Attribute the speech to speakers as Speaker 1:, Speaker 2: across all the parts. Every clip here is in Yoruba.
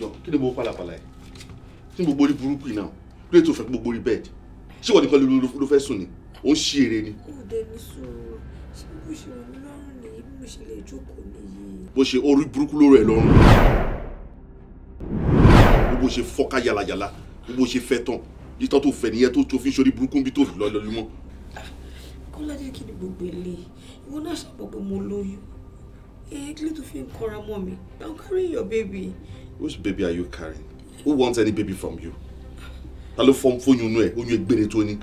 Speaker 1: jọ kí ni mo pàlàpàlà ẹ tí mo borí burúkú yìí náà kí lè tó fẹ́ gbogbo orí bẹ́ẹ̀dì ṣé wọ́n nìkan ló fẹ́ sùn ni ó ń ṣí eré ni. ọ̀dẹ ní sùúrù ṣé bó ṣe wà lọ́rùn nìyí bí mo ṣe lè jókòó nìyí. bó ṣe orí burúkú ló rẹ̀ lọ́rùn bó ṣe fọ́ká yàlàyàlà bó ṣe fẹ́ tán yíṣọ́ tó fẹ́ nìyẹn tó fi ń ṣorí burúkú bí tó lọ́ọ́ lọ́ọ́ lọ́ọ́ mọ́. Ah,
Speaker 2: kọ́ládé kí ni gbogbo èlé ìwọ náà ṣàpọ̀ pé mo lóyún Egli to fin kora mommy. I'm carrying your baby.
Speaker 1: Which baby are you carrying? Who wants any baby from you? Ta ló for fóyún inú ẹ̀ You egbére tó ní?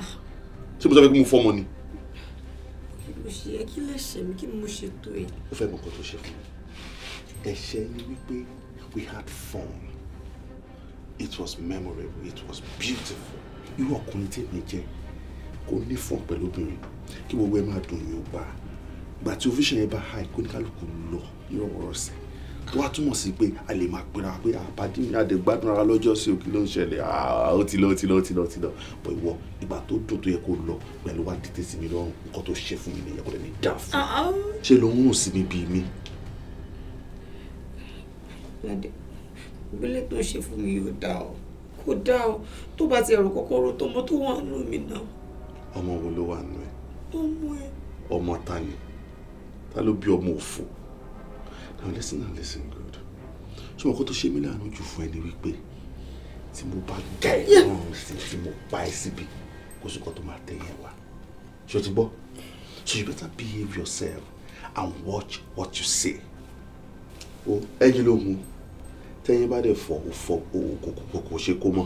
Speaker 1: Ṣé mo So pé kí mo fọ́mọ ni? Mo ṣe yẹ
Speaker 2: kí lẹ́sẹ̀ mi kí mo ṣe
Speaker 1: tó ẹ̀. Ó fẹ́ mọ nǹkan tó ṣe fún mi. Ẹ̀ṣẹ̀ ni wípé we had fun. It was memorable. It was beautiful. You are tèmi jẹ́ kò ní fún pẹ̀lú obìnrin kí gbogbo ẹ máa dùn yóò bá a gbà tí ovation yẹn bá high kó ní kálukú lọ ìrọ̀wọ̀rọ̀sẹ̀ tó wá túmọ̀ sí pé a lè máa pera pé àpàdé mi àdè gbádùn ara lọ́jọ́ sí òkè ló ń ṣẹlẹ̀ ó ti lọ ó ti lọ ó ti lọ ó ti lọ bọ̀ ìwọ ìgbà tó dùn tó yẹ kó lọ pẹ̀lú wá dìtẹ̀ sí mi lọ́rùn nǹkan tó ṣe fún mi nìyẹn kò lè ní dà fún mi uh-uh. ṣé ló ń rùn sí mi bíi mi.
Speaker 2: ládé ìgbélé tó ṣe fún mi yóò dá ọ kó dá ọ tó bá ti ẹ̀rọ kọ́kọ́rọ́ tó mọ tó wà nù mí náà.
Speaker 1: ọmọ wo ló wà nù ẹ. ọmọ ẹ. ọmọ ta ni ta ló bí ọmọ òfò now listen and listen good ṣé wọn kó tó ṣe mí láàánú jù fún ẹni wípé tí mo bá ga ẹ lọ́rùn sí tí mo pa ẹ síbi kó sì kọ́ tó máa tẹ̀yìn wá ṣé o ti gbọ́ so you better behave yourself and watch what you say o ẹyin ló hun tẹ́yin bá dẹ̀ fọ́ o fọ́ o kò kò kò ṣe kó mọ́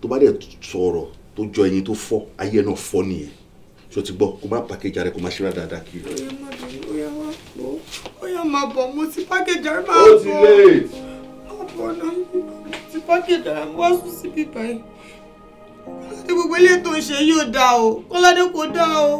Speaker 1: tó bá dẹ̀ sọ̀rọ̀ tó jọ ẹyin tó fọ́ ayé náà fọ́ nìyẹn ṣó ti gbọ́ kó má pàkéjà rẹ kó má ṣíra dáadáa kiri.
Speaker 2: ọyọ má bọ ọyọ má bọ ọyọ má bọ mo ti pàkéjà rẹ má bọ. ó ti late. má bọ náà ti pàkéjà rẹ wá sùn síbí báyìí. kọ́ládé gbogbo ilé tó ń ṣe yóò dáa o kọ́ládé kò dáa o.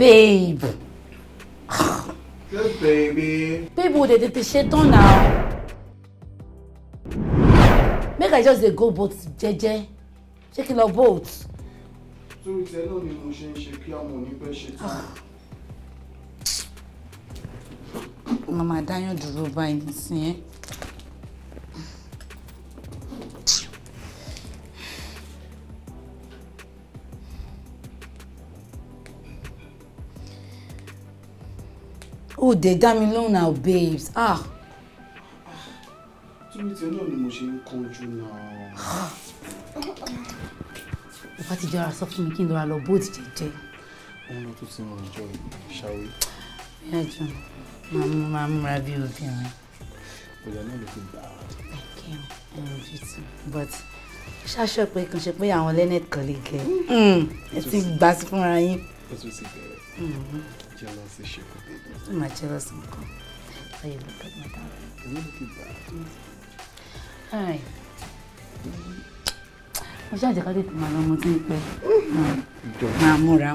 Speaker 3: babe.
Speaker 4: good baby.
Speaker 3: Babe, would they appreciate on now? Make I just dey go boat JJ. Ṣé kí n boat.
Speaker 4: Torí tẹ náà ni mo ṣe ń ṣe kí àwọn onípẹ́ ṣe tán.
Speaker 3: Màmá Dáyọ̀ dúró báyìí Oh dé dá mi lóhùn now babes ah.
Speaker 4: túbí tí náà ni mo ṣe ń kojú náà.
Speaker 3: bàbá ti jọra sọ fún mi kí n lọ́ra lọ bóòdì jẹjẹ.
Speaker 4: òun ló tún ti ràn jọ ìṣàwé. bóyá jù
Speaker 3: máa mú máa múra bí obìnrin.
Speaker 4: bóyá náà ló fi gbà á.
Speaker 3: thank you i love you but ṣáṣọ pé kàn ṣe pé àwọn lẹ́nẹ̀ẹ́ kan lè gẹ̀ mm. mm. ẹ́ ti gbà sí fúnra yín.
Speaker 4: ó tún ti bẹ̀rẹ̀. Mm-hmm jealous as she could be. I'm not
Speaker 3: jealous, Uncle. So you
Speaker 4: look at my daughter. You look at that.
Speaker 3: Hi. Mo ṣáà jẹ́ ká lè máa lọ mo ti ń pẹ́. Máa múra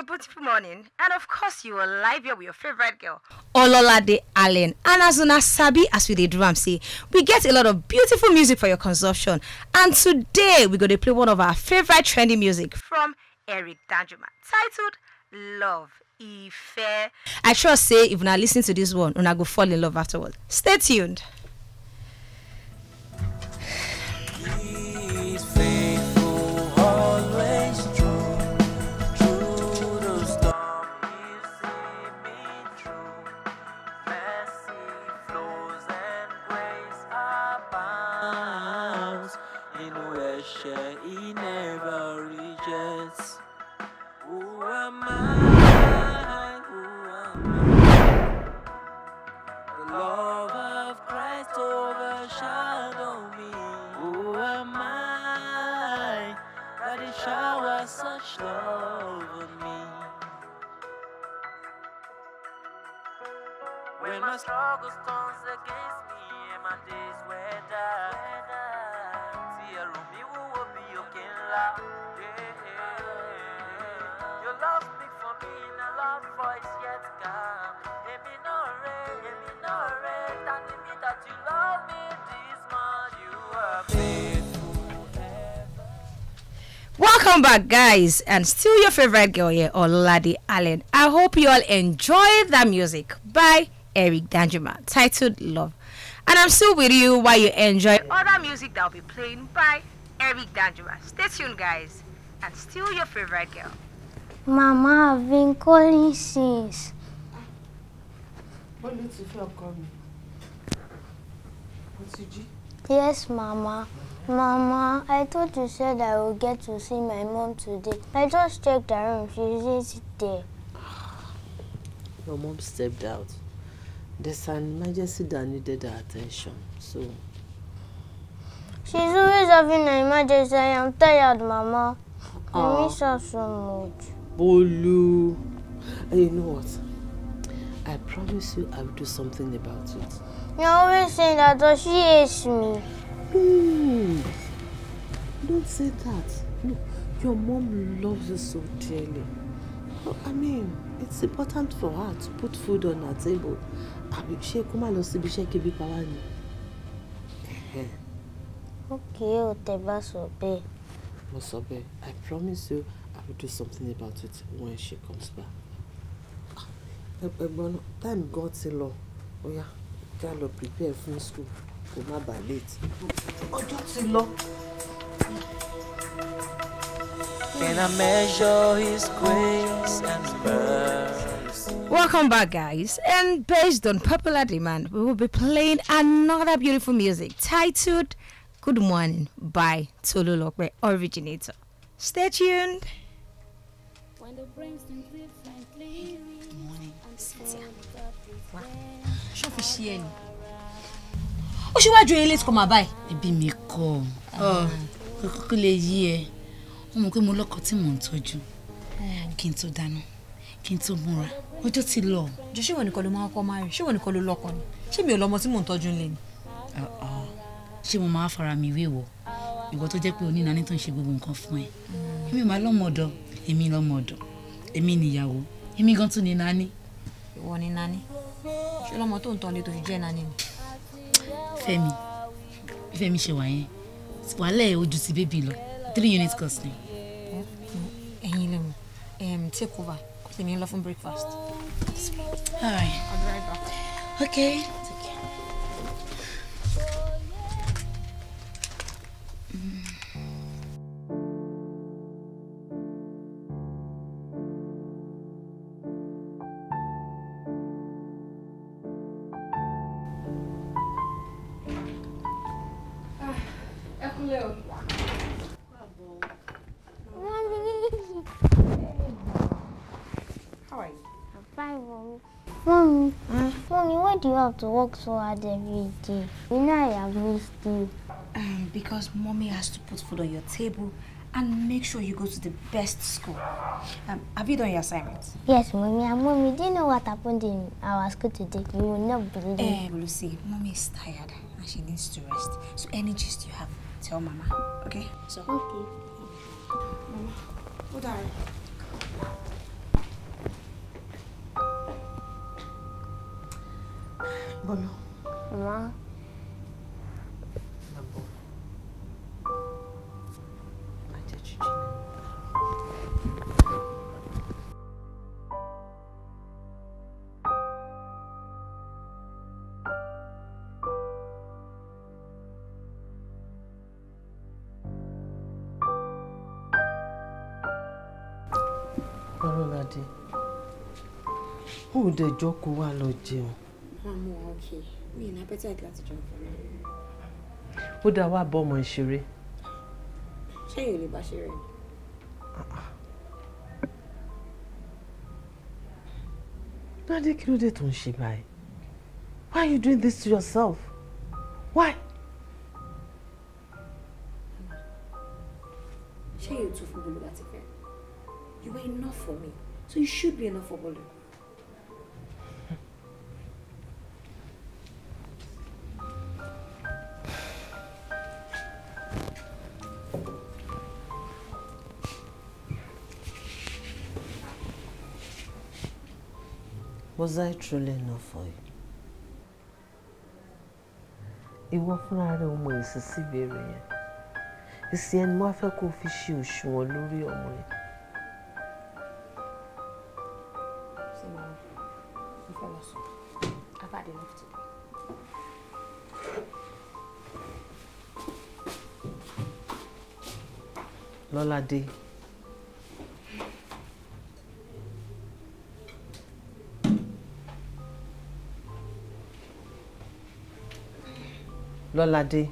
Speaker 5: a beautiful morning, and of course, you are live here with your favorite girl, de Allen. And as as sabi as we did do say, we get a lot of beautiful music for your consumption. And today, we're going to play one of our favorite trendy music from Eric Danjuma, titled "Love Ife." I trust say if I listen to this one, and I go fall in love afterwards. Stay tuned.
Speaker 6: He's faithful
Speaker 7: over me.
Speaker 8: When my
Speaker 9: struggles comes against me and my days were dark, see a room you will be okay loud.
Speaker 5: Welcome back, guys, and still your favorite girl here, Oladi Allen. I hope you all enjoy that music by Eric Danjuma titled Love. And I'm still with you while you enjoy other music that will be playing by Eric Danjuma. Stay tuned, guys, and still your favorite girl.
Speaker 10: Mama, I've been calling since.
Speaker 5: What did you feel coming?
Speaker 10: Yes, Mama. Mama, I thought you said I would get to see my mom today. I just checked her room. She isn't there. Your
Speaker 7: mom stepped out. There's an emergency that needed her attention, so...
Speaker 10: She's always having an emergency. I am tired, Mama. I miss her so much.
Speaker 7: Bolu. And eh, you know what? I promise you I will do something about it.
Speaker 10: You're always saying that, though. She hates me. Mm don't say that. No, your
Speaker 7: mom loves you so dearly. Well, I mean, it's important for her to put food on her table. Abi ṣé kó má lọ síbi iṣẹ́ kébi pa wá
Speaker 10: Okay, Oteba Sobe.
Speaker 7: bá I promise you I will do something about it when she comes back. Ah, Ẹgbẹ́ náà, time gan ti lọ, oya, ká lọ prepare for school, kó má bàa late. Ọjọ́ ti lọ. Can I measure his grace and mercy?
Speaker 5: Welcome back, guys. And based on popular demand, we will be playing another beautiful music titled Good Morning by Tolu Lokwe Originator. Stay tuned.
Speaker 9: When the brains
Speaker 5: Ó ṣíwájú ilé
Speaker 3: tí kò máa báyìí. mi kọ́. Oh. kókó lè yí ẹ ó mọ̀ pé mo lọ́kọ tí mò ń tọ́jú kí n tó dáná kí n tó múra ọjọ́ ti lọ.
Speaker 5: jọ ṣé ìwọ nìkan ló máa kọ́ máa rìn ṣé ìwọ nìkan ló lọ́kọ ni ṣé mi ò lọ́mọ tí mò ń tọ́jú ńlẹ̀ ni.
Speaker 3: Uh-uh. ṣé mo máa fara mi wé wọ ìwọ tó jẹ́ pé onínàní tó ń ṣe gbogbo nǹkan fún ẹ hmm. èmi máa lọ́mọ ọ̀dọ̀ èmi lọ́mọ ọ̀dọ̀ èmi nìyàwó
Speaker 5: èmi gan tún ni nání. ìwọ ni nání ṣé lọ́mọ tó ń tọ́ ilé tó fi jẹ́ nání ni. Fẹ́mi
Speaker 3: Fẹ́mi ṣe wà yẹn wàhálà ẹ̀ ojú ti bébì lọ three units cost ni.
Speaker 5: ẹyin lè mú um, take over kò sì ní lọ fún breakfast. all okay.
Speaker 10: Mommy, mm? Mommy, why do you have to work so hard every day? You know I have missed you. Um, because Mommy has to put food on your table and make sure you go to
Speaker 5: the best school. Um, have you done your assignments?
Speaker 10: Yes, Mommy. And Mommy, do you know what happened in our school today? You will not believe it.
Speaker 5: Um, Lucy, Mommy is tired and she needs to rest. So any gist you have, tell Mama, okay? So, okay. Mama, what are you?
Speaker 10: Bọ́lá. Má. Má bọ̀. Má jẹ́
Speaker 7: ó dẹjọ́ kó wá lọ jẹun
Speaker 5: wọn mú wọn òkè mi ì ní appetite láti jọ fún mi.
Speaker 7: ó dá wàá bọ́ ọmọ ìṣeré.
Speaker 5: ṣẹ́yìn ò lè bá ṣeré ni.
Speaker 7: kí ló dé tó ń ṣe báyìí? Why are you doing this to yourself? Why?
Speaker 5: Ṣé yóò tún fún Bolu láti fẹ́? You were enough for me, so you should be enough for Bolu.
Speaker 7: Because I truly know for you. Ìwọ fúnra rẹ̀ ò mọ ìsísí ìbéèrè yẹn. Èsì ẹni wá fẹ́ kó fi ṣe òṣùwọ̀n lórí ọmọ
Speaker 5: yẹn. I've had
Speaker 7: Lọ́ládé. day.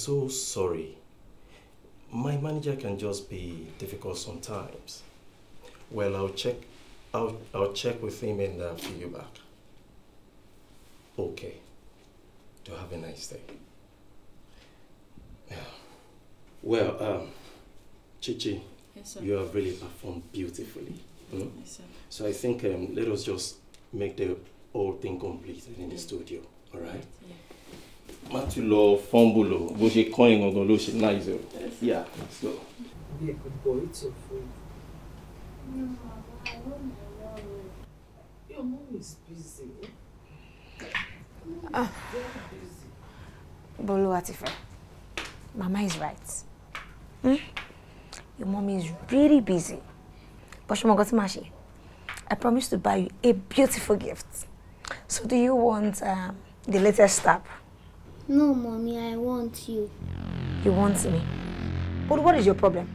Speaker 11: so sorry. My manager can just be difficult sometimes. Well, I'll check. I'll, I'll check with him and I'll see you back. Okay. Do have a nice day. Yeah. Well, um, Chichi, yes, you have really performed beautifully. Mm? Yes, so I think um, let us just make the whole thing complete in the studio. All right? Yeah. má tún lọ fọ́nbù lò bó ṣe kọ́ yẹn gangan ló ṣe náà ìṣòro. Yeah, let's go. Be a good
Speaker 5: Mama is right. Hmm? Your mommy is really busy. But she Shumagotimashi, I promise to buy you a beautiful gift. So do you want um, the latest step?
Speaker 10: No, mommy,
Speaker 5: I want you. He wants me? But what is your problem?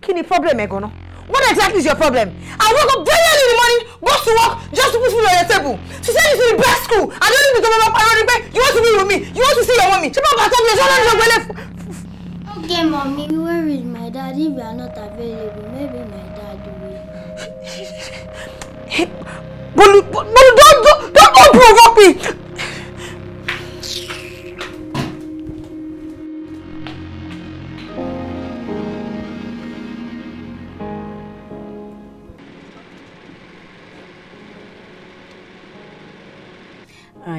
Speaker 5: Kini problem egono. What exactly is your problem? I woke up very early in the morning, goes to work, just to put food on your table. She said you to the best school. I don't need to come up and pay. You want to be with me? You want to see your mommy? She brought
Speaker 2: back up your
Speaker 10: son Okay, mommy, where is my dad? If you are not available, maybe my dad will.
Speaker 7: Bolu, Bolu,
Speaker 12: don't, don't, don't provoke me.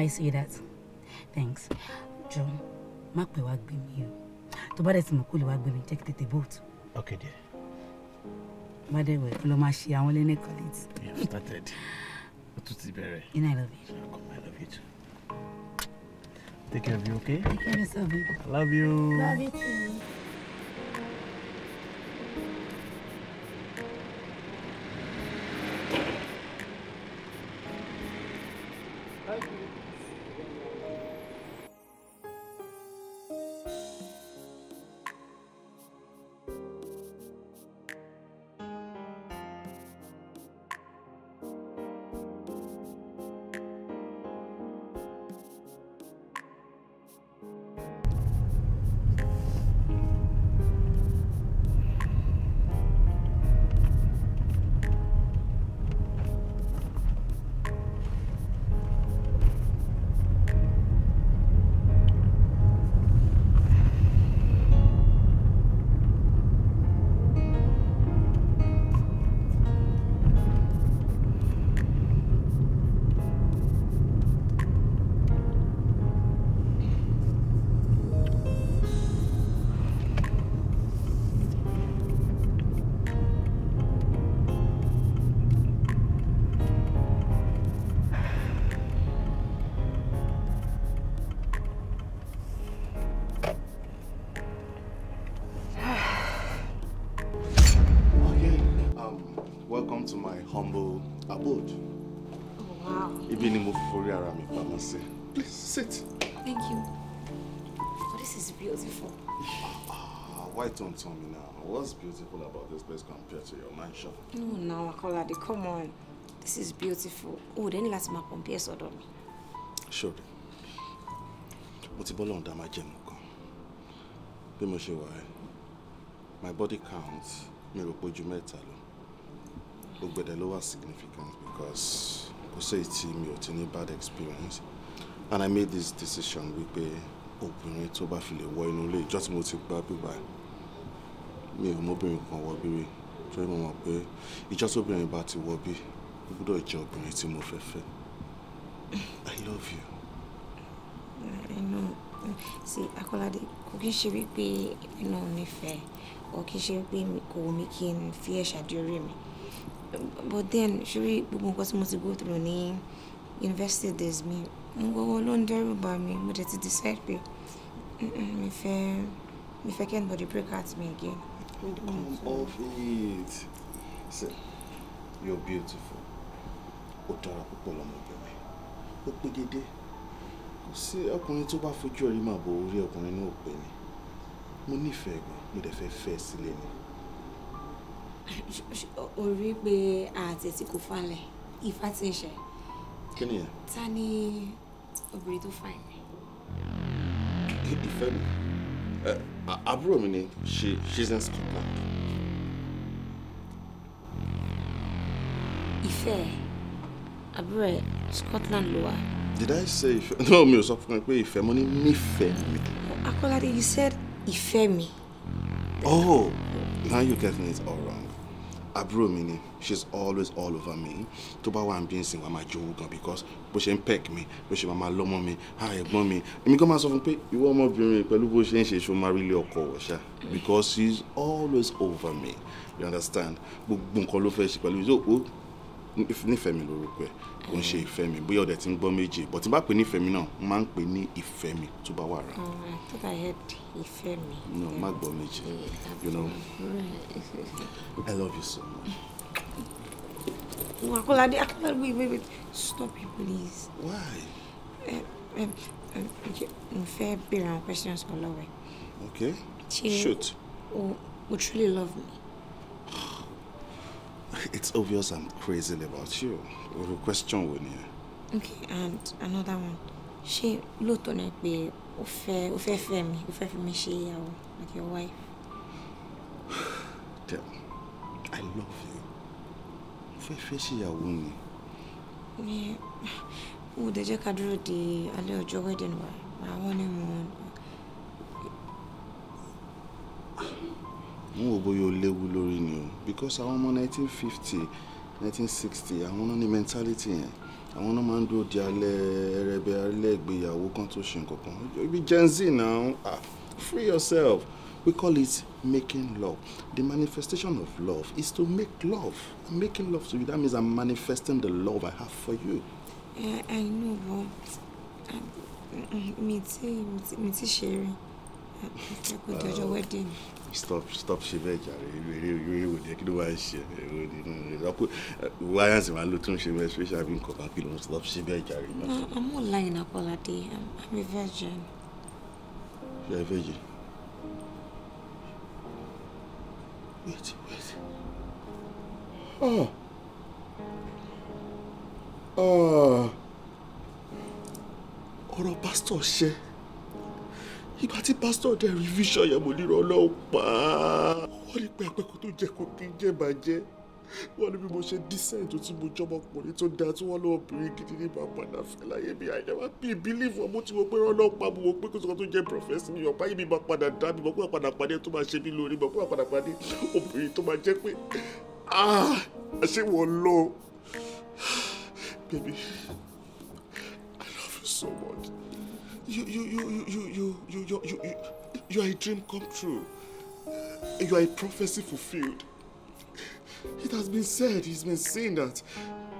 Speaker 3: I say that? Thanks. John, Mark pẹ́ work gbé you. To Tó bá dẹ̀ ti mọ̀ kó Take the boat. Okay, dear. By the way, kí ló máa ṣe àwọn colleagues.
Speaker 4: We have started. O tún ti bẹ̀rẹ̀. You know I love you. come, I love you too. Take care of you, okay? Take care of yourself, baby. love you. Love you too.
Speaker 1: about this place compared to your mansion.
Speaker 5: No, now, Akolade, come on. This is beautiful. Oh, then last ma compare sọ́dọ̀ mi.
Speaker 1: Sure. But ti bọ́lọ̀ ọ̀dà máa jẹ́ mu kan. Bí my body count mi rò pé ju mẹ́ta lọ. Gbogbo ẹ̀dẹ̀ ló wà significant because kò sí èyí tí mi bad experience and I made this decision with obìnrin open it fi lè wọ inú ilé Just multiple people mi ò mọ́bìnrin kan wọ bírí torí mo mọ̀ pé ìjọ́ tóbìnrin bá ti wọ ó gbọ́dọ̀ jẹ́ obìnrin tí mo fẹ́ fẹ́ I love you. I know.
Speaker 5: See, Akolade, kò kí n ṣe wípé iná nífẹ̀ẹ́ or kì í ṣe pé kò wù mí kí n fi ẹ̀ ṣàdúró mi but then ṣúrí gbogbo nǹkan tí mo ti go through ní university days mi n gbogbo ló ń dẹ́rù bà mí mo dẹ̀ ti decide pé mi fẹ́ mi fẹ́ kí anybody break out me again.
Speaker 1: Don't come off it. Say, you're beautiful. Ó dára púpọ̀ lọ́mọbìnrin. O pé dédé. Kò sí ọkùnrin tó bá fojú ọ̀rí màá bo orí ọkùnrin náà pé ni. Mo nífẹ̀ẹ́ gan, mo dẹ̀ fẹ́ fẹ́ sílé ni.
Speaker 5: Orí pé àtẹ̀tí kò falẹ̀, ti ń ṣe. Kí ni yẹn? Ta ni obìnrin tó fà yẹn?
Speaker 1: Ìfẹ́ mi àbúrò mi ni she she's in Scotland.
Speaker 5: ìfẹ́ àbúrò ẹ̀ Scotland ló
Speaker 1: did I say ìfẹ́ no Me, ò sọ fún mi pé ìfẹ́ mo ní nífẹ̀ẹ́ mi.
Speaker 5: Akolade you said ìfẹ́ me.
Speaker 1: oh now you're getting it all wrong àbúrò mi ni she's always all over me tó bá wà ń bí ń sìn wà máa jowó gan because bó ṣe ń peck mi bó ṣe máa lọ́mọ mi á ẹ̀gbọ́n mi èmi gan máa sọ fún pé ìwọ ọmọbìnrin pẹ̀lú bó ṣe ń ṣe ṣo máa rí ilé ọkọ wọ̀ ṣá because she's always over me you understand gbogbo nǹkan ló fẹ́ ṣe pẹ̀lú ìṣòwò nífẹ̀ẹ́ mi lórúkọ ẹ̀ kò ń ṣe mm. ìfẹ́ mi bóyá ọ̀dẹ̀ ti ń gbọ́ méje but tí n bá pè ní ìfẹ́ mi náà n máa ń pè ní ìfẹ́
Speaker 5: ìfẹ́ mi. no má gbọ́ méjì you know
Speaker 1: i love you so much.
Speaker 5: Akolade, Akolade, wait, wait, wait. Stop it, please. Why? Eh, eh, eh, okay. Mo fẹ́ béèrè àwọn questions kan lọ́wọ́
Speaker 1: Okay. Shoot.
Speaker 5: O, o truly love me?
Speaker 1: It's obvious I'm crazy about you. Oru question wo ni
Speaker 5: Okay, and another one. Ṣé lóòótọ́ ni pé o fẹ́ mi o fi mi ṣe ìyàwó like your wife.
Speaker 1: tell me i love you o fẹ́ fẹ́ ṣe ìyàwó mi. mi mo dẹ̀ jẹ́
Speaker 5: ká dúró de alẹ́ ọjọ́ wedding wa màá wọ́n ní mo.
Speaker 1: mo wò bóyá o léwu lórí ni o because àwọn ọmọ nineteen fifty nineteen sixty àwọn náà ní mentality yẹn. Yeah àwọn náà máa ń dúró di alẹ́ ẹrẹbẹ alẹ́ ìgbéyàwó kan tó ṣe nǹkan kan ibi gen z now ah free yourself we call it making love the manifestation of love is to make love i'm making love to you that means i'm manifesting the love i have for you.
Speaker 5: Uh, i know but mi ti mi ti ṣe rí ẹ kò dọjọ wedding
Speaker 1: stop stop ṣe bẹ́ẹ̀ jàre eré eré wò jẹ́ kí ló máa ń ṣe ẹ̀rọ nínú rẹ̀ lọ́pọ̀ wáyàns máa ló tún ṣe bẹ́ẹ̀ special bí nǹkan kan kí ló ń stop ṣe bẹ́ẹ̀ jàre.
Speaker 5: I'm not lying Abolade I'm a virgin. ṣe é virgin. wait wait.
Speaker 1: Oh. Oh. ọ̀rọ̀ pásítọ̀ ṣe ìgbà tí pásítọ̀ dẹ̀ rí fíṣọ̀ yẹn mo nírọ̀ ọlọ́run pa á wọ́n ní pẹ́ẹ́pẹ́ kó tó jẹ kó kí n jẹ́ bàjẹ́ wọ́n ní bí mo ṣe dísẹ́ǹtì tí mo jọmọ ọkùnrin tó dáa tí wọ́n lọ obìnrin gidi ní bàbá náà fẹ́ láyé mi àìdá wá bí bílíìfù ọmọ tí mo pé rán lọ́pàá mo wò pé kò sọ́kàn tó jẹ́ prọfẹ́sì mi ọ̀pá yìí mi máa padà dá mi mọ̀ pé àpàdà pàdé tó máa ṣe mí lórí mọ̀ pé àpàdà pàdé obìnrin tó máa jẹ́ pé àṣé wọ́n lọ. Baby, I love you so much. You, you, you, you, you, you, you, you, you, are a dream come true. You are a prophecy fulfilled. It has been said, it's been seen that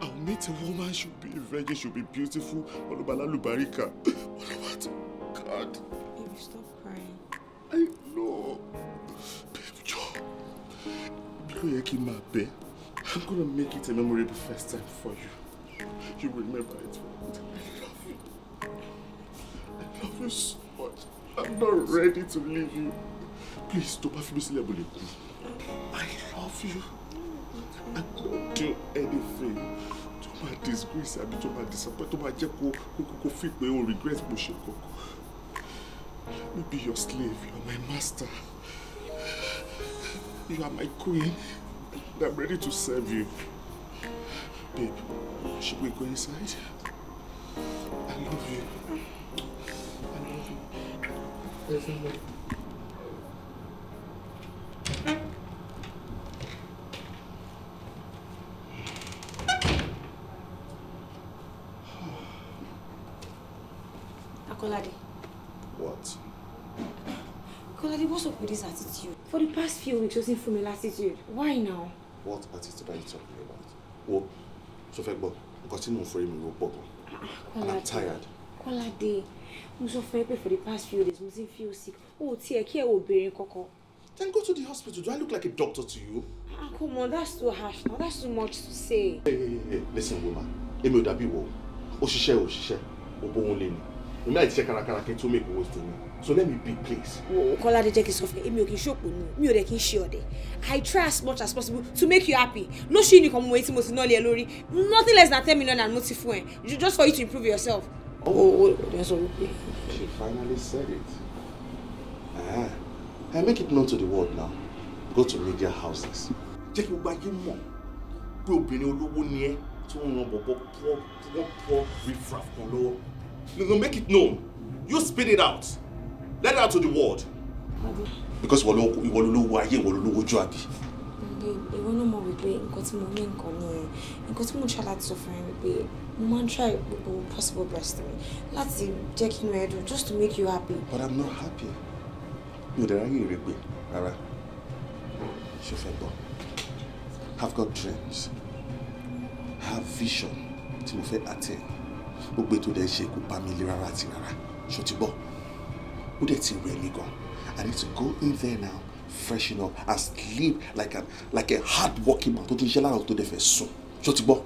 Speaker 1: I'll meet a woman, she'll be a virgin, she'll be beautiful, Olubala Lubarika. God.
Speaker 5: Baby, stop
Speaker 12: crying. I know.
Speaker 1: Babe, Joe. Biloyeki Mabe, I'm gonna make it a memorable first time for you. You remember it for love you so much. I'm not ready to leave you. Please, don't bá fi mí sílẹ̀ I love you. I don't do anything. to my disgrace àbí tó máa disappoint, tó máa jẹ́ kó kó kó regret mo ṣe kankan. Let me be your slave. You are my master. You are my queen. And I'm ready to serve you. Babe, should we go inside? I love you
Speaker 12: sesinde.
Speaker 5: Akolade. What? Akolade, what's up with this attitude? For the past few weeks, you've seen fún mi attitude. Why now?
Speaker 1: What attitude are you talking about? Wo, so fẹ́ gbọ́, nǹkan tí mò ń forí mi ro
Speaker 5: I'm tired. Call her day. fún ẹ pé for the past few days mo ti ń feel sick Oh, Tia, tiẹ̀ kí bury Coco?
Speaker 1: Then go to the hospital. Do I look like a doctor to you?
Speaker 5: Ah, come on, that's too harsh now. That's too much to say.
Speaker 1: Hey, hey, hey, listen, woman. Èmi ò dàbí wo. Òṣìṣẹ́ òṣìṣẹ́. Obohun le ni. Èmi àti ṣe kárakára kí n tó make owó tó mi. So let me be please.
Speaker 5: Wo Kọ́ládé jẹ́ kí n sọ Emi èmi ò kí n ṣòpò ni. Mi ò dẹ̀ kí I try as much as possible to make you happy. No ṣí ni kan mo wẹ̀ tí Nothing less than ten million and mo ti Just for you to improve yourself
Speaker 1: owó owó ìròyìn sọ wípé. she finally said it uh, I make it known to the world now go to media houses. jẹ́ kí gbogbo ayé mọ̀ pé obìnrin olówó ni ẹ́ tí wọ́n ran bọ̀bọ̀ pọ́ pọ́ pọ́ riffraff kan lọ́wọ́. you make it known you spit it out let it out to the world. because ìwọ ló lówó ayé ìwọ ló lówó jọ àbí babe ìwọ
Speaker 5: náà mọ̀ wípé nǹkan tí mo ní nǹkan ní ẹ̀ nǹkan tí mo ṣá láti sọ fún ẹ wípé mo máa ń try gbogbo possible best mi láti jẹ́ kí inú ẹ dùn just to make you happy.
Speaker 1: but i'm not happy mi ò dẹ̀ ráyè ìrẹ́gbẹ̀ rárá ṣe fẹ́ gbọ́ i've got dreams i have vision tí mo fẹ́ attend gbogbo ètò dẹ̀ ṣe kò bá mi lé rárá àti rárá ṣó ti bọ́ ó dẹ̀ ti rẹ̀ mí gan i need to go in there now freshen up and sleep like a like a hard working man tó tún ṣe láàárọ̀ tó dẹ̀ fẹ́ sùn ṣó ti gbọ́.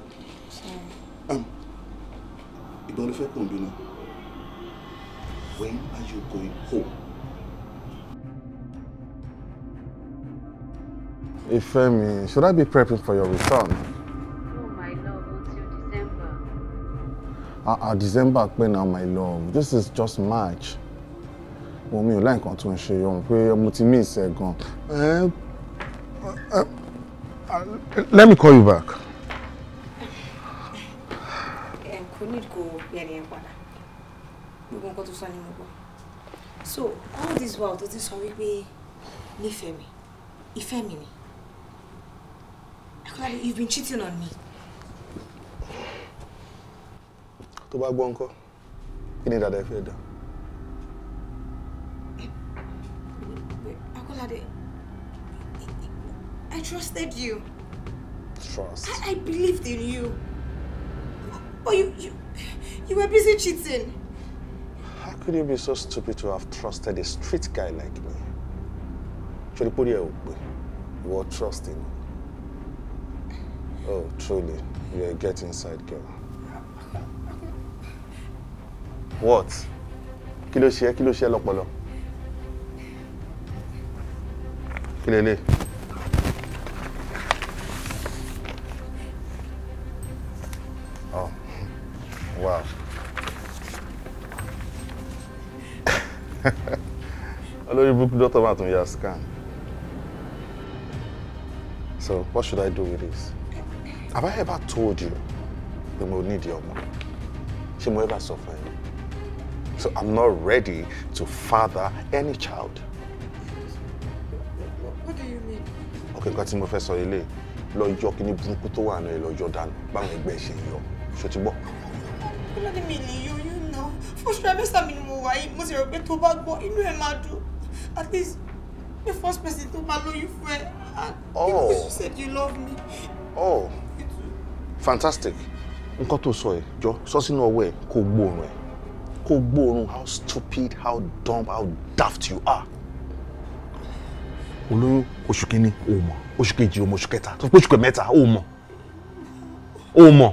Speaker 1: Um, ìgbà ló fẹ́ kùn bínú when are you going home. Ifemi, should I be prepping for your return? Oh,
Speaker 9: my love, until December.
Speaker 1: Ah, uh, uh, December, now, my love. This is just March mo mi ò láì nǹkan tó ń ṣe ọ̀hún pé mo ti mí ìsẹ̀ gan. Eh, eh, eh, let me call you back. kò ní
Speaker 5: kò bẹ̀rẹ̀ ẹ̀ padà gbogbo nǹkan tó sọ ni mo gbọ́ so all this while tó ti sọ wípé nífẹ̀ẹ́ mi ìfẹ́ mi ni Akolade you've been cheating on me.
Speaker 1: tó bá gbọ́ ńkọ́ kí ni dàda ẹ fẹ́ dà.
Speaker 5: Dade, I trusted you. Trust? I, I believed in you. But you, you,
Speaker 2: you were busy cheating.
Speaker 1: How could you be so stupid to have trusted a street guy like me? Should you put You were trusting. Oh, truly, you're a get inside girl. What? Kí ló ṣe ẹ́, kí ló kí lélẹ̀. Oh, wow. olórí burúkú dọ́tọ̀ máa tún ya scan. So, what should I do with this? Have I ever told you pé mo need your money? Ṣé mo ever suffer? So, I'm not ready to father any child. pé nǹkan tí mo fẹ́ sọ ilé lọ kí ní burúkú tó wà náà lọ́jọ́ dànù báwọn ẹgbẹ́ ṣe yọ ṣó ti gbọ́.
Speaker 2: ọlọ́ni mi lè yọ oyún náà fún ṣọlá mẹ́sà mi ni mo wà yìí mo sì rò pé tó bá gbọ́ inú ẹ̀ máa dùn at least the first person tó bá lóyún fún ẹ and because you oh. said you love
Speaker 1: me. oh fantastic nǹkan tó sọ ẹ jọ sọ sínú ọwọ́ ẹ kó gbóòórùn ẹ kó gbóòórùn how stupid how dumb how daft you are. olóyún oṣù kínní o mọ̀ oṣù kejì o mọ̀ oṣù kẹta tó fi oṣù mẹ́ta o mọ̀ o mọ̀.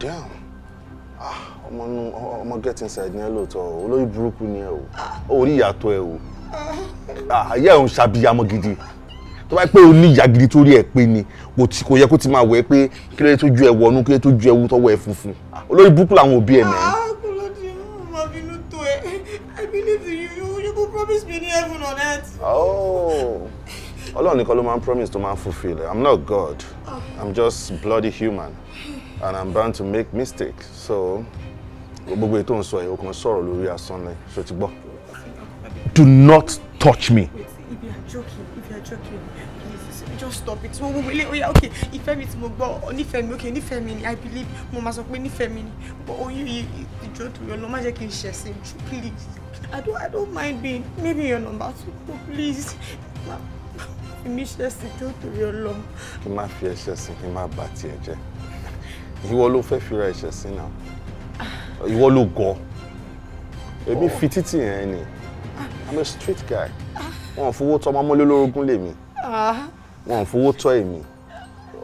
Speaker 1: damn ah ọmọ nu ọmọ get inside ni ẹ lóòótọ́ olórí burúkú ni ẹ o orí ìyàtọ̀ ẹ o ayé ah, ẹ̀ ń ṣàbíyamọ gidi tó bá pẹ́ o ní ìyá gidi tó rí ẹ pé ni kò yẹ kó ti máa wẹ̀ pé kí ló dé tó ju ẹ wọnú kí ló dé tó ju ẹ wú tọwọ́ ẹ funfun olórí burúkú làwọn òbí ẹ mẹ́rin.
Speaker 2: promise mi ní heaven on earth.
Speaker 1: Oh. ọlọ́run nìkan ló máa promise to man fulfill i'm not god oh. i'm just bloody human and i'm bound to make mistakes so gbogbo ètò ń sọ o kàn sọ̀rọ̀ lórí asán ni so ti gbọ́. do not touch me. if you are joking if you are
Speaker 2: joking just stop it mo mo ilé oya okay ìfẹ́ mi mo gbọ́ onífẹ́ mi okay onífẹ́ mi ni i believe mo máa sọ pé onífẹ́ mi ni but oyún yìí ìjọ tó yọ lọ má jẹ́ kí n please. I don't, I don't mind being maybe your number two, but please. Ma, èmi ṣẹ̀sìn tó torí ọlọ́run.
Speaker 1: Kí má fi ẹ̀ṣẹ̀ sìn kí má bà tiẹ̀ jẹ́. Ìwọ ló fẹ́ fira ẹ̀ṣẹ̀ sí náà. Ìwọ ló gọ̀. Èmi fi títì yẹn ni. I'm a street guy. Wọ́n fowó tọ́ ọmọmọ́lé lórogún lèmi. Ah. Wọ́n fowó tọ́ èmi.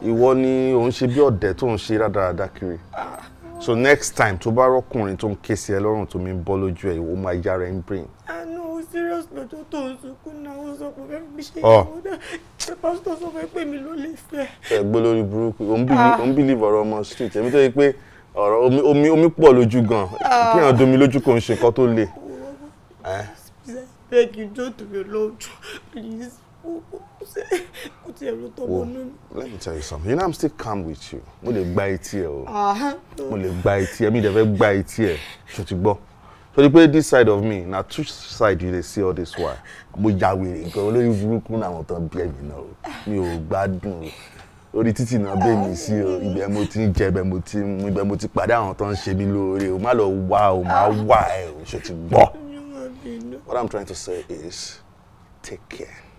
Speaker 1: Ìwọ ni òun ṣe bí ọ̀dẹ̀ tó ń ṣe rádaràda kiri. Ah so next time tó bá rọkùnrin tó ń ké sí ẹ lọ́rùn tó mi ń bọ́ lójú ẹ ìwọ máa yára ẹ ń brain.
Speaker 2: àánú ah, serious lọ́jọ́ tó ń sunkún náà ó sọ pé fẹ́ẹ́ fi ṣe oh. ìyàwó náà ṣe pásítọ̀ sọ fẹ́ pé mi ló lè fẹ́.
Speaker 1: ẹ gbé lórí burúkú ó ń bìlíìfù ah. ọ̀rọ̀ ọmọ street èmi tó yẹ pé ọ̀rọ̀ omi omi pọ̀ lójú gan kí hàn ah. domi lójú kò ń ṣe nǹkan tó le.
Speaker 2: bẹ́ẹ̀ kí n jó tòbi olóòjọ́ please Well, let
Speaker 1: me tell you something. You know, I'm still calm with you. Mo lè gba etí ẹ o. Mo lè gba etí ẹ. Mi dẹ̀ fẹ́ gba etí ẹ. Ṣé ti gbọ́? So the play this side of me, na two side you dey see all this while. Mo ya wèrè nǹkan olóyún burúkú náà àwọn tán bí ẹ̀mí náà o. Mi ò gbádùn o. Orí títì náà bẹ́ẹ̀ mi sí o. Ibẹ̀ mo ti ń jẹ, ibẹ̀ mo ti ń mu, ibẹ̀ mo ti pàdé àwọn tán ń ṣe mí lóore o. Má lọ wá o, má wá ẹ o. Ṣé ti gbọ́? What I'm trying to say is take care.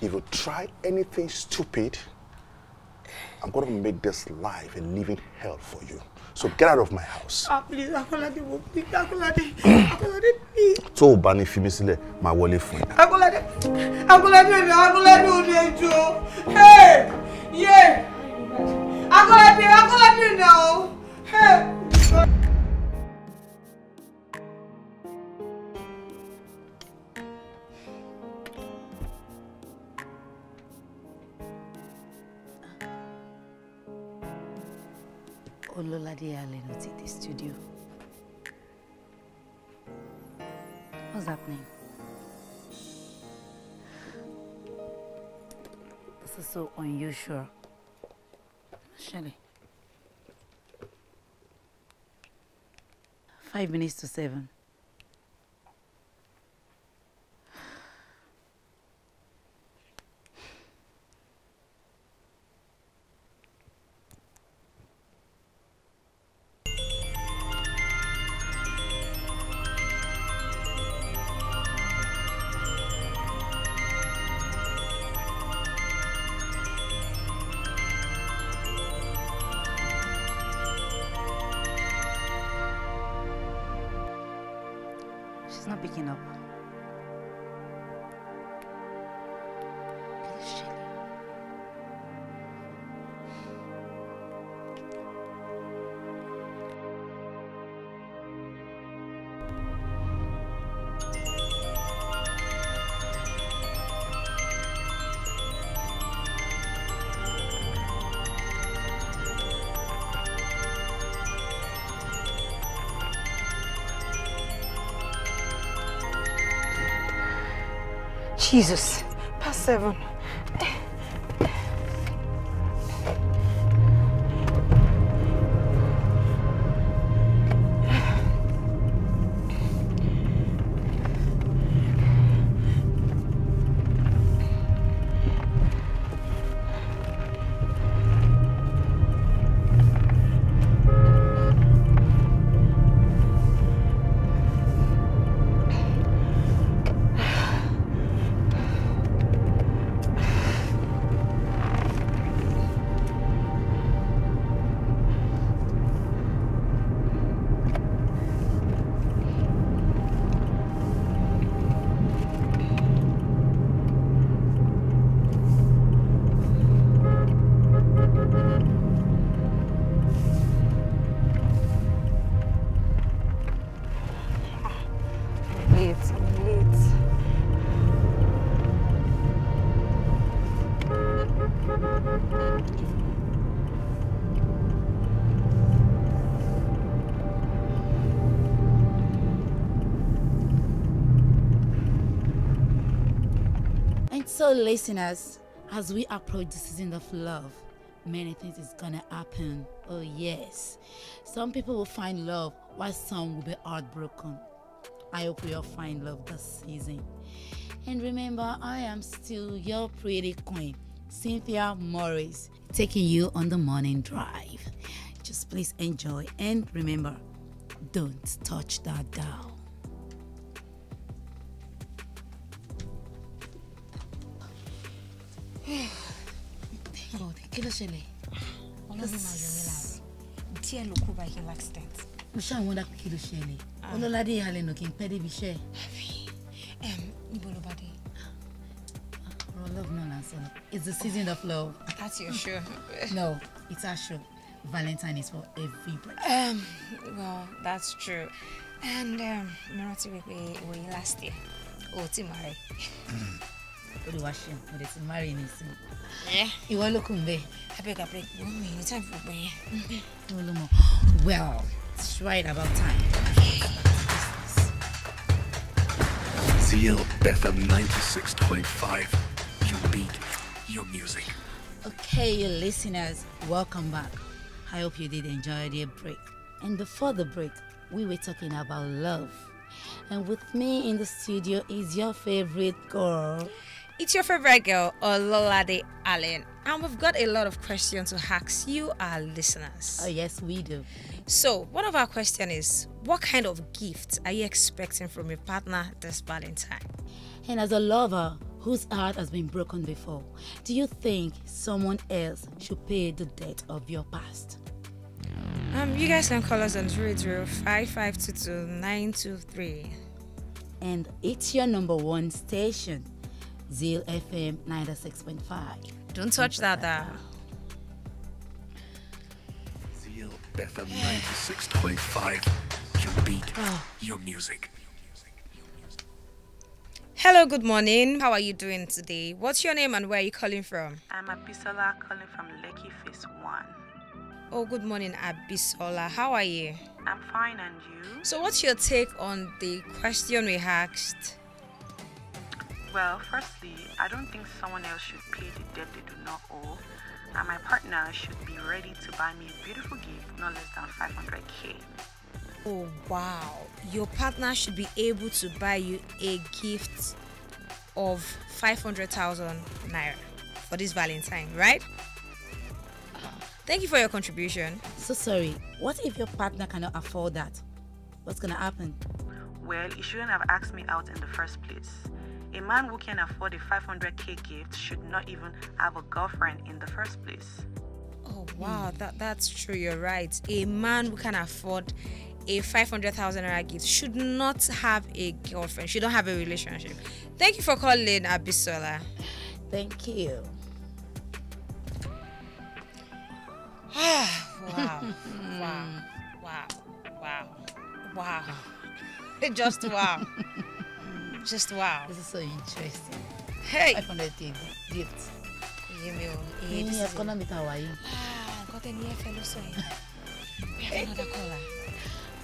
Speaker 1: If you try anything stupid, I'm going to make this life a living hell for you. So get out of my
Speaker 2: house. Ah, please, Akolade, please, Akolade, Akolade,
Speaker 1: please. Tó o bá ní fi mí sílẹ̀, máa wọlé fún ẹ.
Speaker 2: Akolade, Akolade, Akolade, ò lè jọ. Hey, yeah. Akolade, Akolade, now. Hey.
Speaker 3: Ololade Allen at the studio. What's happening? This is so unusual. Shelley. Five minutes to seven.
Speaker 5: Jesus. Past seven.
Speaker 3: Dear listeners, as we approach the season of love, many things is gonna happen. Oh yes. Some people will find love while some will be heartbroken. I hope we all find love this season. And remember, I am still your pretty queen, Cynthia Morris, taking you on the morning drive. Just please enjoy and remember, don't touch that dial.
Speaker 5: Thank God kí ló ṣẹlẹ̀ ọlọ́run máa yọ mí lára díẹ̀ ló kú by hill accident.
Speaker 3: We ṣáà wọ́n dápẹ́ kí ló ṣẹlẹ̀ ah. ọlọ́ládé ìhàlẹ̀nà kì í pẹ́ débi iṣẹ́. níbo ló bá dé. ọ̀rọ̀ love náà là it's the season of love. that's your show. no it's our show valentine is for everybody.
Speaker 5: Um, well that's true and mo we wípé last year Oh, Timari. marry. time
Speaker 3: eh? mm-hmm. well it's right about time.
Speaker 8: ZL Betham 96.5. You beat your music.
Speaker 3: Okay, you listeners, welcome back. I hope you did enjoy the break. And before the break, we were talking about love. And with me in the studio is your favorite girl.
Speaker 5: It's your favorite girl, Ololade Allen, and we've got a lot of questions to ask you, our listeners. Oh yes, we do. So one of our questions is, what kind of gift are you expecting from your partner this Valentine?
Speaker 3: And as a lover whose heart has been broken before, do you think someone else should pay the debt of your past? Um, you
Speaker 5: guys can call us on 005522923.
Speaker 3: And it's your number one station. Zeal FM 96.5.
Speaker 5: Don't touch that, that.
Speaker 8: Zeal FM 96.5. Your beat, oh. your music.
Speaker 5: Hello, good morning. How are you doing today? What's your name and where are you calling from? I'm Abisola calling from Lucky Face 1. Oh, good morning, Abisola. How are you? I'm fine, and you? So, what's your take on the question we asked? Well, firstly, I don't think someone else should pay the debt they do not owe, and my partner should be ready to buy me a beautiful gift not less than 500k. Oh, wow. Your partner should be able to buy you a gift of 500,000 naira for this Valentine, right? Thank you for your contribution. So sorry.
Speaker 3: What if your partner cannot afford that? What's gonna happen?
Speaker 5: Well, he shouldn't have asked me out in the first place. A man who can afford a 500k gift should not even
Speaker 2: have a girlfriend in the first place.
Speaker 5: Oh wow, mm. that that's true. You're right. A man who can afford a 500,000 naira gift should not have a girlfriend. Should not have a relationship. Thank you for calling Abisola. Thank you. Ah, wow. wow. Wow. Wow. Wow. Just wow.
Speaker 3: Just wow. This is so interesting. Hey! I found eh, ah, a meu. E
Speaker 5: eles... Minha, quando me
Speaker 3: tá Ah,
Speaker 5: quando é minha, eu sou We
Speaker 11: have another caller.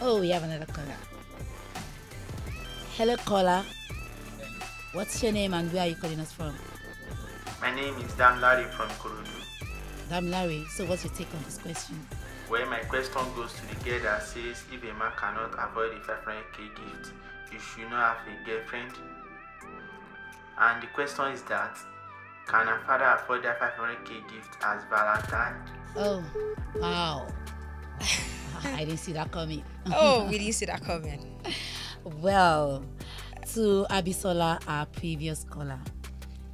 Speaker 3: Oh, we have another caller. Hello, caller. What's your name and where are you calling us from?
Speaker 1: My name is Dan Larry from Kurudu.
Speaker 3: Dan Larry, so what's your take on this question?
Speaker 1: Well, my question goes to the girl that says if a man cannot avoid a 500k gift, you should not have a girlfriend? And the question is that can a father afford
Speaker 7: that 500k gift as Valentine?
Speaker 3: Oh, wow. I didn't see that coming. oh, we didn't see that coming. well, to Abisola, our previous caller,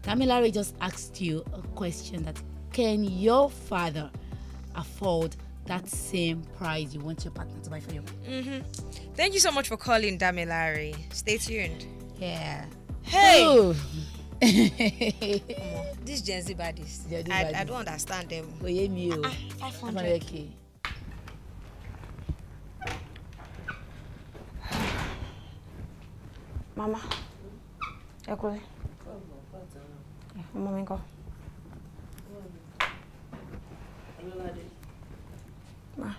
Speaker 3: Tamilare just asked you a question that can your father afford that same prize you want your partner to buy for you.
Speaker 5: Mm-hmm. Thank you so much for calling, Damilari. Stay tuned.
Speaker 3: Yeah. Hey. Oh.
Speaker 5: These Gen Z baddies. I, I don't understand them. Oye mi o. Ah, five hundred k. Mama, ẹ kúrẹ́. Ọmọ mi kọ́. Ma.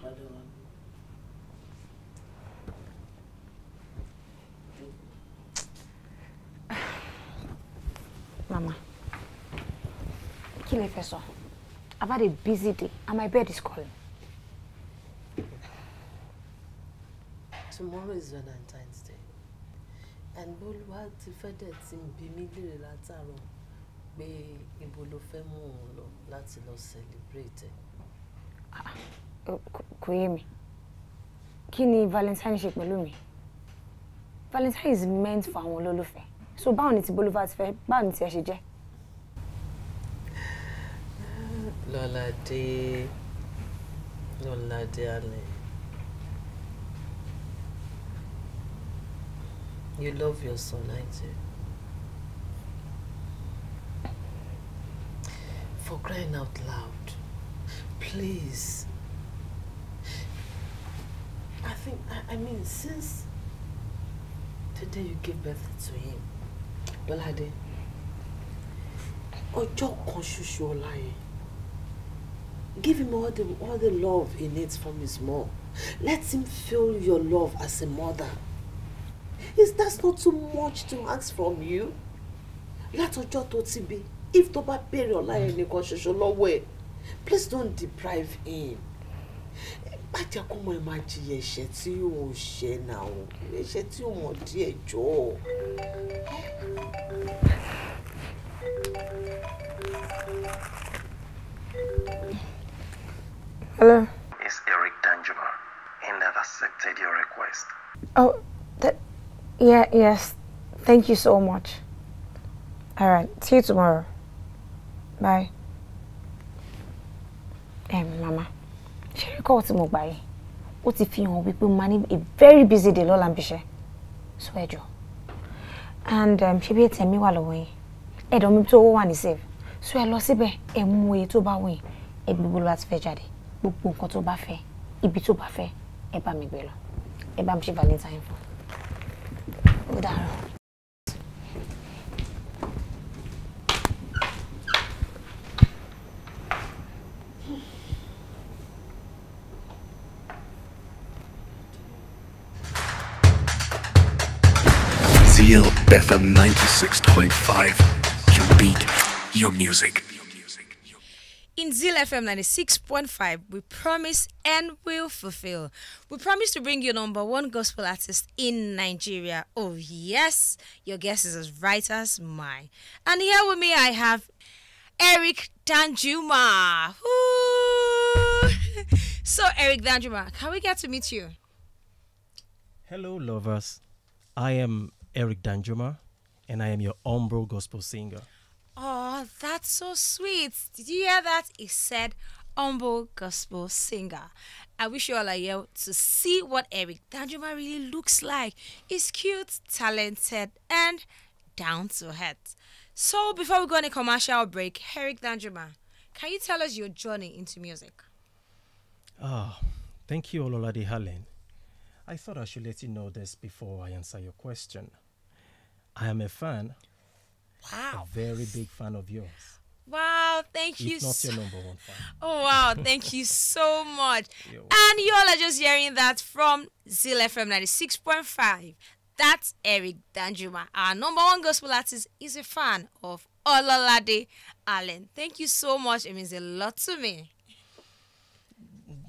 Speaker 5: Mama, kí lẹ I've had a busy day and my bed is calling.
Speaker 7: Tomorrow is Valentine's Day. And Bólúwa ti fẹ́ dẹ̀ ti ń bi mí léèrè látàárọ̀ pé ibo ló
Speaker 5: kò yé mi kí ni valentine ṣe pẹ̀lú mi valentine is meant for àwọn olólùfẹ́ so báwo ni ti bolúfà ti fẹ́ báwo ni ti ẹ ṣe jẹ́.
Speaker 7: lọ́ládé lọ́ládé alẹ́ you love your son I do. For crying out loud, please I think, I, I mean, since the day you gave birth to him, Bọ́ládé, ọjọ́ kan ṣoṣo ọ̀la yẹn, give him all the, all the love he needs from his mom. Let him feel your love as a mother. Is that not too much to ask from you? Let Ojo ti bí, if tó bá béèrè ọ̀la yẹn nìkan ṣoṣo lọ́wọ́ ẹ̀, please don't deprive him. jẹ́ kó mọ ẹ ò ṣẹ̀ náà o se tí ò mọ̀ mo
Speaker 8: Hello. It's Eric Danjuma.
Speaker 11: He never accepted your request.
Speaker 5: Oh, that, yeah, yes. Thank you so much. All right, see you tomorrow. Bye. Hey, Mama. ṣẹ́rí kọ́ tí mo gbà yìí ó ti fi hàn wípé mo máa ní a very busy day lọ́la ń bíṣẹ́ so ẹ jọ and um, ṣé bí ètè mi wà lọ́wọ́ yín ẹ̀dọ̀ mi tó owó wà ní save so ẹ lọ síbẹ̀ ẹ mú oye tó bá wọ̀nyí ẹ gbogbo ló láti fẹ́ jáde gbogbo nǹkan tó bá fẹ́ ibi tó bá fẹ́ ẹ bá mi gbé lọ ẹ bá mi ṣe valentine fún ó dàárọ̀.
Speaker 8: FM 96.5. beat, your music.
Speaker 5: In Zeal FM 96.5, we promise and will fulfill. We promise to bring you number one gospel artist in Nigeria. Oh, yes, your guess is as right as mine. And here with me, I have Eric Danjuma. so, Eric Danjuma, can we get to meet you?
Speaker 11: Hello, lovers. I am Eric Danjuma, and I am your Umbro gospel singer.
Speaker 5: Oh, that's so sweet. Did you hear that? He said, humble gospel singer. I wish you all are here to see what Eric Danjuma really looks like. He's cute, talented, and down to earth. So before we go on a commercial break, Eric Danjuma, can you tell us your journey into music?
Speaker 11: Oh, thank you, Ololade Helen. I thought I should let you know this before I answer your question. I am a fan. Wow. A very big fan of yours.
Speaker 5: Wow, thank if you. Not so, your
Speaker 11: number one fan.
Speaker 5: Oh wow, thank you so much. And y'all are just hearing that from Zil FM 96.5. That's Eric Danjuma, our number one gospel artist, is a fan of Olalade Allen. Thank you so much. It means a lot to me.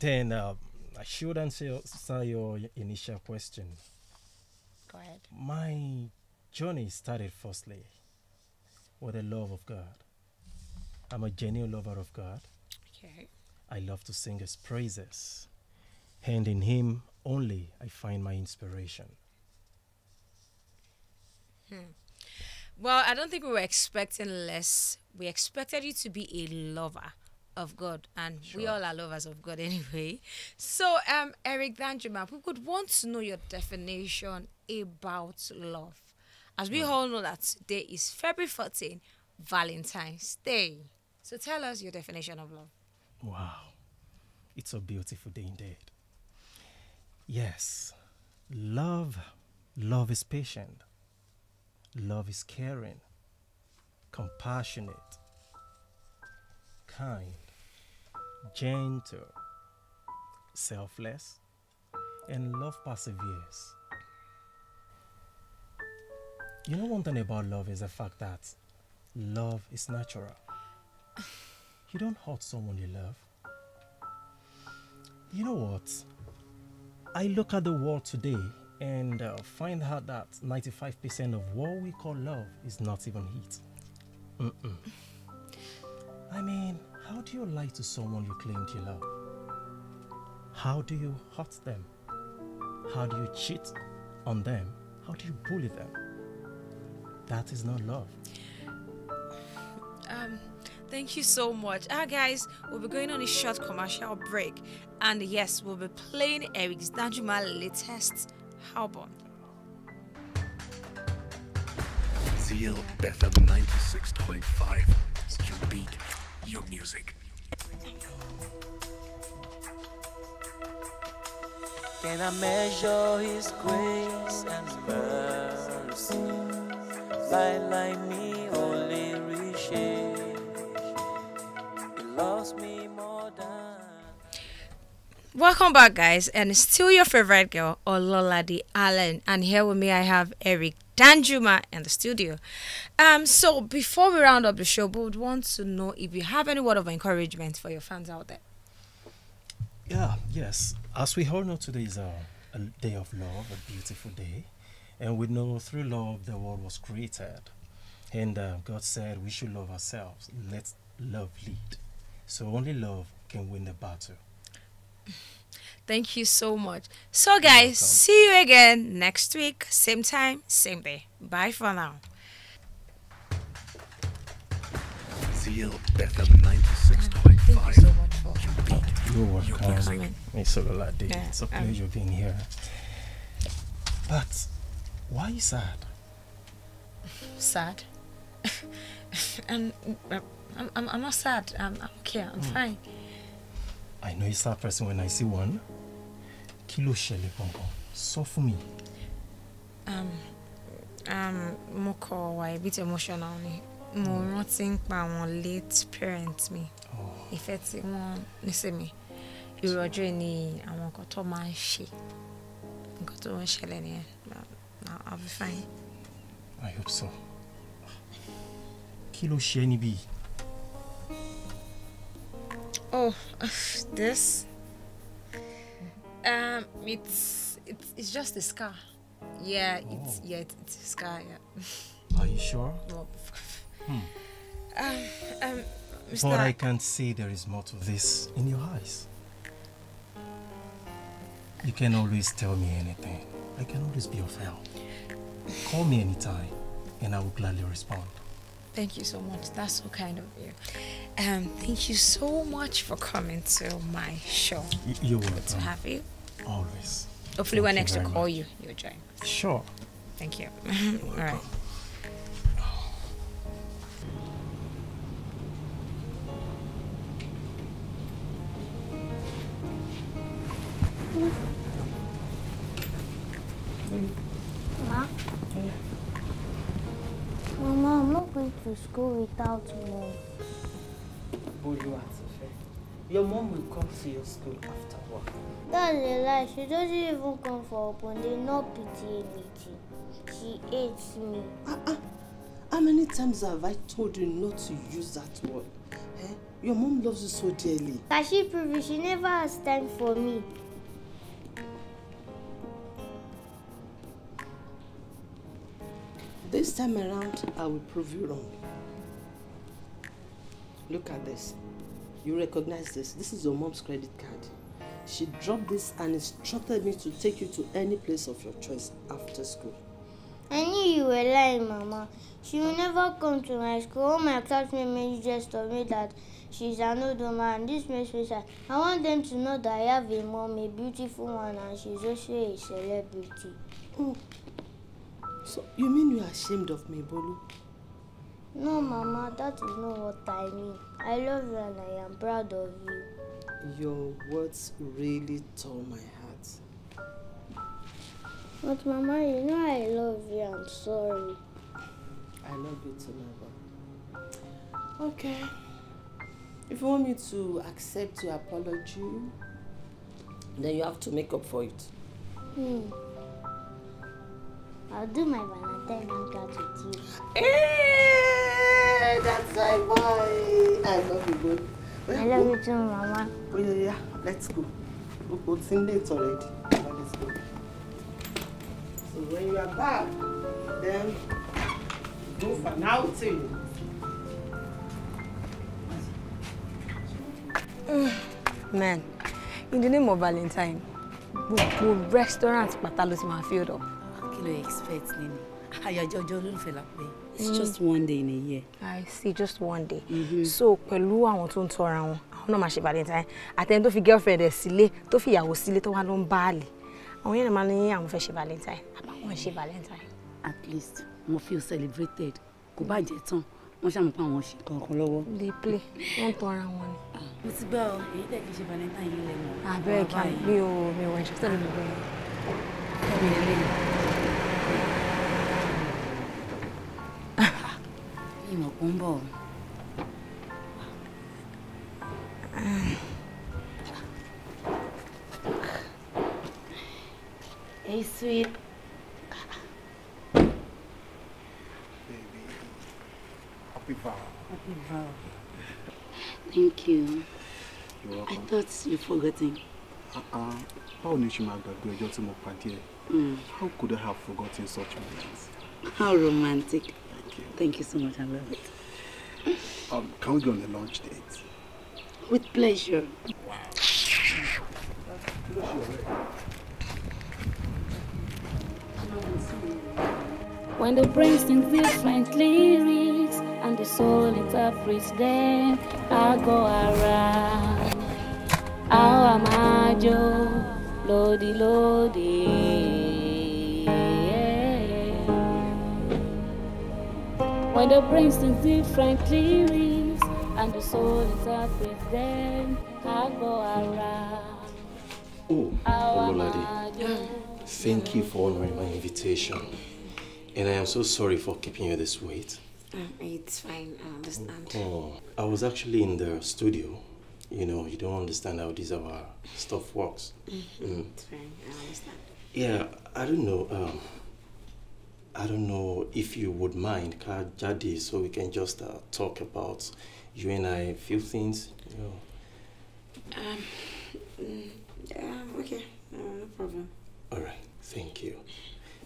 Speaker 11: Then uh, I should answer your initial question. Go ahead. My journey started firstly with the love of God. I'm a genuine lover of God. Okay. I love to sing His praises, and in Him only I find my inspiration.
Speaker 5: Hmm. Well, I don't think we were expecting less. We expected you to be a lover of God, and sure. we all are lovers of God anyway. So, um, Eric Danjuma, we would want to know your definition about love. As we all know that today is February 14, Valentine's Day. So tell us your definition of love.
Speaker 11: Wow. It's a beautiful day indeed. Yes. Love love is patient. Love is caring. Compassionate. Kind. Gentle. Selfless. And love perseveres. You know one thing about love is the fact that love is natural. You don't hurt someone you love. You know what? I look at the world today and uh, find out that 95% of what we call love is not even heat. Mm -mm. I mean, how do you lie to someone you claim to love? How do you hurt them? How do you cheat on them? How do you bully them? That is not love.
Speaker 5: Um, thank you so much. Ah, guys, we'll be going on a short commercial break. And yes, we'll be playing Eric's Danjuma latest album.
Speaker 8: ZL FM 96.5. Your beat, your music.
Speaker 7: Can I measure his grace and mercy? You lost me more than.
Speaker 5: Welcome back, guys, and still your favorite girl, Ololade Allen, and here with me I have Eric Danjuma in the studio. Um, so before we round up the show, we would want to know if you have any word of encouragement for your fans out there.
Speaker 11: Yeah, yes. As we all know, today is a, uh, a day of love, a beautiful day. And we know through love the world was created. And uh, God said we should love ourselves. Let love lead. So only love can win the battle.
Speaker 5: Thank you so much. So, guys, see you again next week, same time, same day. Bye for now.
Speaker 8: ZL Bethel 96.5. So You're welcome. You're welcome.
Speaker 11: It's a pleasure um, being here. But Why are you sad?
Speaker 5: Sad? and I'm, I'm, I'm not sad. I'm, I'm okay. I'm mm. fine.
Speaker 11: I know you're a sad person when I see one. Kilo ló ṣẹlẹ̀ So for me.
Speaker 5: Um, um, mo kọ wà a bit emotional ni. Mo hmm. rántí nípa àwọn late parents mi. Oh. Ìfẹ́ tí wọ́n ní sí mi. Ìrọ̀jú ni àwọn nǹkan tó máa ń ṣe. Nǹkan tó ń ṣẹlẹ̀ nìyẹn. I'll be fine.
Speaker 11: I hope so. Kilo ló
Speaker 5: Oh, this. Um, it's it's it's just a scar. Yeah, oh. it's yeah, it's, it's a scar.
Speaker 11: Yeah. Are you sure? Well, hmm.
Speaker 5: Um, um, Mr. But I
Speaker 11: can't there is more to this in your eyes. You can always tell me anything. I can always be of help. Call me anytime, and I will gladly respond.
Speaker 5: Thank you so much. That's so kind of you. Um, thank you so much for coming to my show. you're welcome. Good to have you. Always.
Speaker 11: Hopefully, thank when next to call much. you, you'll join. Sure. Thank you.
Speaker 10: All to school without mom.
Speaker 7: me. Your mom will come to your school after work.
Speaker 10: That's a lie. She doesn't even come for open day, no pitiability. She hates me.
Speaker 7: Uh, uh, how many times have I told you not to use that word? Eh? Your mom loves you so dearly.
Speaker 10: Kashi proves she never has time for me.
Speaker 7: This time around, I will prove you wrong. Look at this. You recognize this. This is your mom's credit card. She dropped this and instructed me to take you to any place of your choice after school.
Speaker 10: I knew you were lying, Mama. She will never come to my school. All my classmates just told me that she's an old woman. This makes me sad. I want them to know that I have a mom, a beautiful one, and she's also a celebrity. Mm.
Speaker 7: So, you mean you are ashamed of me, Bolu?
Speaker 10: No, Mama, that is not what I mean. I love you and I am proud of you.
Speaker 7: Your words really tore my heart.
Speaker 10: But Mama, you know I love you. I'm sorry.
Speaker 7: I love you too, Mama. Okay. If you want me to accept your apology, then you have to make up for
Speaker 10: it. Hmm. I'll do my Valentine and handcart with you. Hey, that's my boy. I love you, boy. I love oh. you
Speaker 7: too, Mama. Oh, yeah, yeah. Let's go. It's in late already. let's go. So when you are back, then go for an outing.
Speaker 5: Man, in the name of Valentine, gbogbo restaurant pátá ló ti máa filled up kí expect nínú àyájọ́ ọjọ́ olólùfẹ́
Speaker 3: la pé it's mm. just
Speaker 5: one day in a year. I see just one day. Mm -hmm. so pẹ̀lú àwọn tó ń tọ́ra wọn àwọn náà máa ṣe valentine àtẹni tó fi girlfriend rẹ̀ sílé tó fi ìyàwó sílé tó wá ló ń bá àlè àwọn yẹn máa ní àwọn fẹ́ ṣe valentine àbáwọn ṣe valentine.
Speaker 3: at least wọn feel celebrated kò bá jẹ tán wọn ṣàmùpá àwọn ṣe kankan lọ́wọ́. dey
Speaker 5: play wọn ń tọ́ra
Speaker 3: wọn ni. Ah. mo ti gbọ́ èyí tẹ̀ kí n ṣe valentine yìí lẹ́nu. abeg ah, mi ò mi ò ẹ̀ ṣe tẹ̀lé mi bẹ́ẹ̀. ìmọ̀ kó Hey, sweet. Baby, happy vow. Happy vow. Thank
Speaker 4: you. You're welcome. I thought you'd forgotten. Uh-uh. Báwo ni ṣe máa gbàgbé ọjọ́ tí mo hmm. How could I have forgotten such moments?
Speaker 3: How romantic. Thank you. Thank you so much. I love it.
Speaker 4: Um, can we go on the lunch date?
Speaker 3: With pleasure. Wow. When the brain sings
Speaker 9: different lyrics and the soul interprets them, I go around. Our am I, Lodi, Lodi. When the brains in different clearings, and the soul is up with them, I go around. Oh,
Speaker 11: thank you for honoring my invitation. And I am so sorry for keeping you this wait.
Speaker 5: Uh, it's fine, I understand. Oh,
Speaker 11: I was actually in the studio. You know, you don't understand how this our stuff works. Mm -hmm. mm.
Speaker 5: It's fine,
Speaker 12: I understand.
Speaker 11: Yeah, I don't know. Um, I don't know if you would mind, Cloud Jadi, so we can just uh, talk about you and I, a few things, you know.
Speaker 5: Um, mm, yeah, okay, uh, no problem.
Speaker 11: All right, thank you.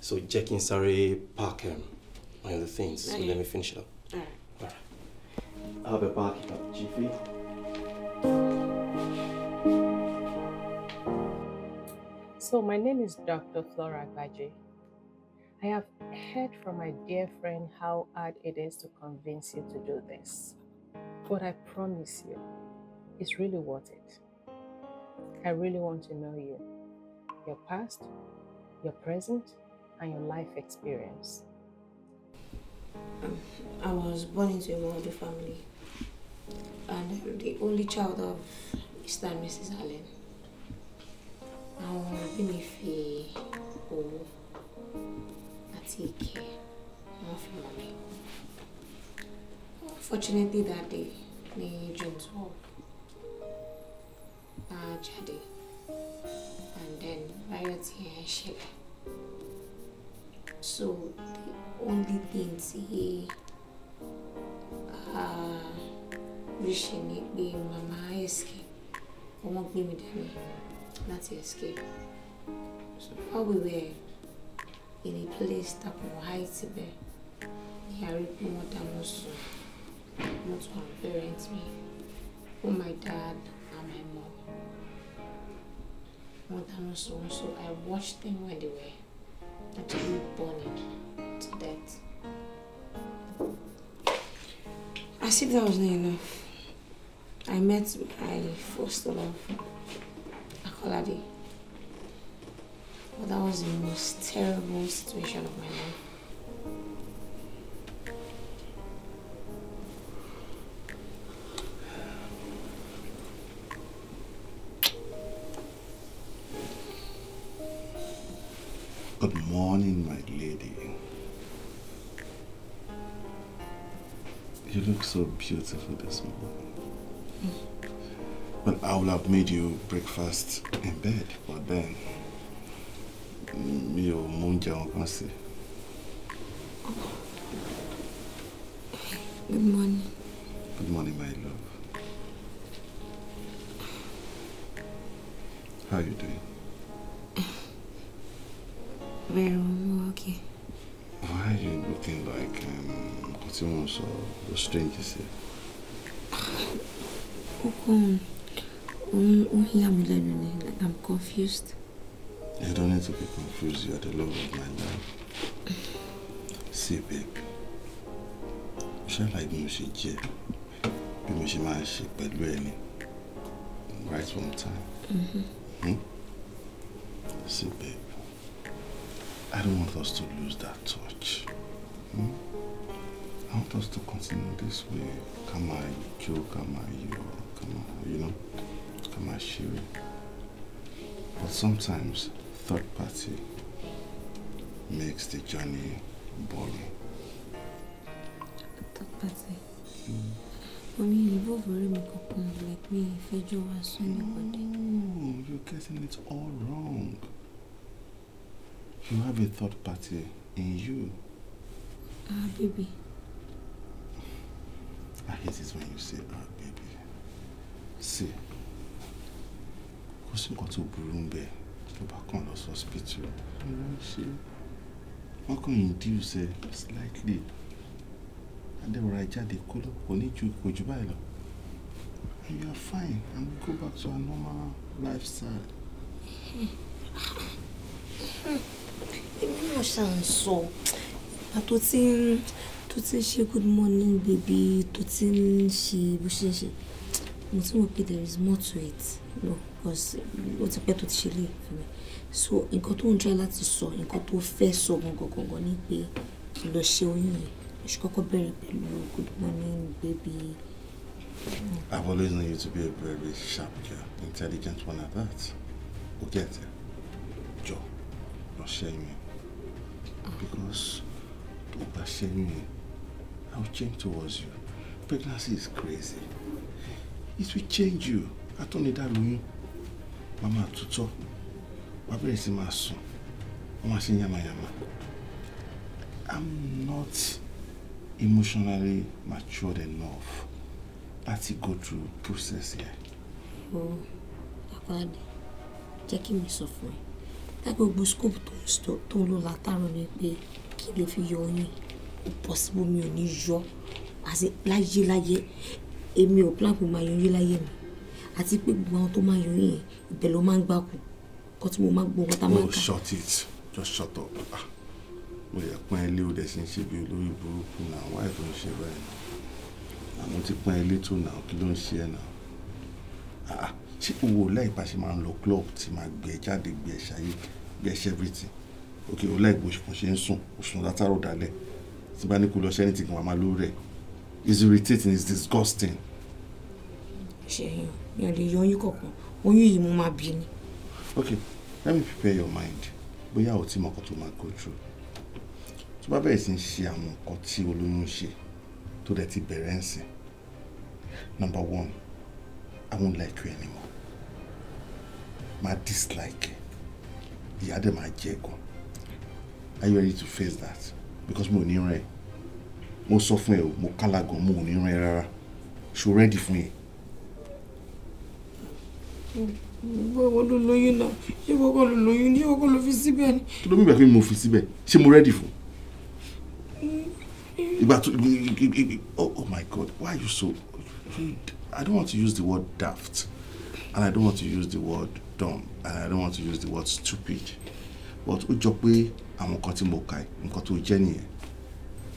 Speaker 11: So Jackie and Sari Parker, um, on the things, okay. so let me finish it up. All right. All right. I'll be back, Jiffy. Uh, so
Speaker 7: my name is Dr. Flora Gaji. I have heard from my dear friend how hard it is to convince you to do this, but I promise you, it's really worth it. I really want to know you, your past, your present, and your life experience.
Speaker 5: I was born into a wealthy family, and I'm the only child of Mr. and Mrs. Allen. Now, even if he take care of your mommy. Fortunately, that day, me dreams. home. Uh, Jade. And then Riot here and Sheila. So, the only things he. Uh, wishing it be màmá escape ọmọ gbé mi dání láti escape so how we were in a place that will hide síbẹ̀ I àríkú more than sùn Not tún àwọn parents mi
Speaker 9: oh my dad and my mom more than sùn wọn so I watched them when they were actually burning to death.
Speaker 5: As if that was not enough, I met my first love, Akolade. But that was the most terrible situation of my life.
Speaker 1: Good morning, my lady. You look so beautiful this morning. Mm. Well, But I would have made you breakfast in bed, but then... mi ò mú oúnjẹ wọn kan sí. Good morning. Good morning, my love. How you doing?
Speaker 5: Very well, okay.
Speaker 1: Why are you looking like um, what's your name, so the stranger say?
Speaker 5: Um, um, um, I'm confused.
Speaker 1: You don't need to be confused. You are the love of my life. See, babe. Shall I mo ṣe jẹ́, bí mo ṣe máa ṣe pẹ̀lú ẹni. Right from time. Mm-hmm. Hmm? See, babe. I don't want us to lose that touch. Hmm? I want us to continue this way. Come on, you come on, you come on. you know, come on, Shiri. But sometimes third party makes the journey boring. Third party? Mm.
Speaker 5: Only you both very much like me if I do was anybody.
Speaker 1: No, you're getting it all wrong. You have a third party in you. Ah, uh, baby. I hate it when you say, ah, baby. See, kò sí nǹkan tó burú ló bá kàn lọ sí hospital wọ́n ṣe wọ́n kàn induce ẹ slightly adébọ̀rà jáde kó lọ kò ní ju kò jù báyìí lọ and you are fine I'm we go back to a normal lifestyle. èmi náà ṣàn sọ ìgbà tó ti ń
Speaker 5: tó ti good morning baby tó ti ń she she. ṣe ń there is more to it. No because ó ti pẹ́ tó ti ṣe lè fún mi so nǹkan tó ń try láti sọ nǹkan tó fẹ́ sọ gangan gangan ni pé kí lọ ṣe oyún yẹn mo ṣe kọ́kọ́ bẹ̀rẹ̀ pẹ̀lú good morning baby.
Speaker 1: I've always known you to be a very sharp girl, intelligent one at that. O get it? Jọ, lọ ṣẹ́yìn yẹn. Because tó bá ṣẹ́yìn yẹn, I will change towards you. Pregnancy is crazy. It will change you. I that, lóyún wọ́n máa tutọ́ wọ́n bẹ̀rẹ̀ sí máa sùn wọ́n máa ṣe yamayama i'm not emotionally matured enough láti go through process yẹn.
Speaker 5: o àpáàdé jẹ́ kí mi sọ fún ẹ lágbègbè scope tó ń lò látàrún ni pé kí ló fi yọ ọyìn ó possible mi ò ní yọ àti láyé láyé èmi ò plan kò máa yọ ọyìn láyé mi àti pé gbogbo àwọn tó máa yọ yẹn ibẹ̀ ló máa ń gbà kù kó tí mo máa gbọ́ wọn tá máa ń oh
Speaker 1: shut it just shut up ah mo yẹ pọ́n ilé o dẹ̀ sì ń ṣe bí olórí burúkú náà wáyé tó ń ṣe báyìí àwọn ah, ti pọ́n ilé tó náà kí ló ń ṣe ẹ̀ náà ah, ah ṣé owó láì bá ṣe máa ń lọ club tí máa gbé ẹ jáde gbé ẹ ṣayé gbé ẹ ṣe everything ok o láì bó ṣùkùn ṣe ń sùn òṣùn látàrọ̀ dálẹ̀ tí bá ní kó lọ ṣe anything kan wàá máa lórí ẹ̀ it's irritating it's disgusting.
Speaker 5: ṣe yín mi lè yọ oyún kankan
Speaker 1: oyún yìí mo máa bí ni. okay let me prepare your mind bóyá o ti mọ nǹkan tó máa go through tó bá bẹ̀rẹ̀ sí ń ṣe àwọn nǹkan tí olóyún ṣe tó dẹ̀ ti bẹ̀rẹ̀ ń sìn number one i won't like you anymore ma dislike ìyá dẹ̀ máa jẹ́ gan are you ready to face that because mo ò ní rẹ̀ mo sọ fún ẹ o mo kálá gan mo ò ní rẹ̀ rárá ṣo ready fún yẹn
Speaker 2: ìwọ ló lóyún náà ìwọ kọ́ ló lóyún ní ìwọ ló fi síbẹ̀ ni.
Speaker 1: tó ló mú ìgbà pé mo fi síbẹ̀ ṣé mo rẹ́dì fún.
Speaker 12: Mm-hmm. ìgbà
Speaker 1: tó oh, oh my god why are you so i don't want to use the word daft and i don't want to use the word dumb and i don't want to use the word stupid but ó jọ pé àwọn nǹkan tí mo kà nǹkan tó jẹ́ nìyẹn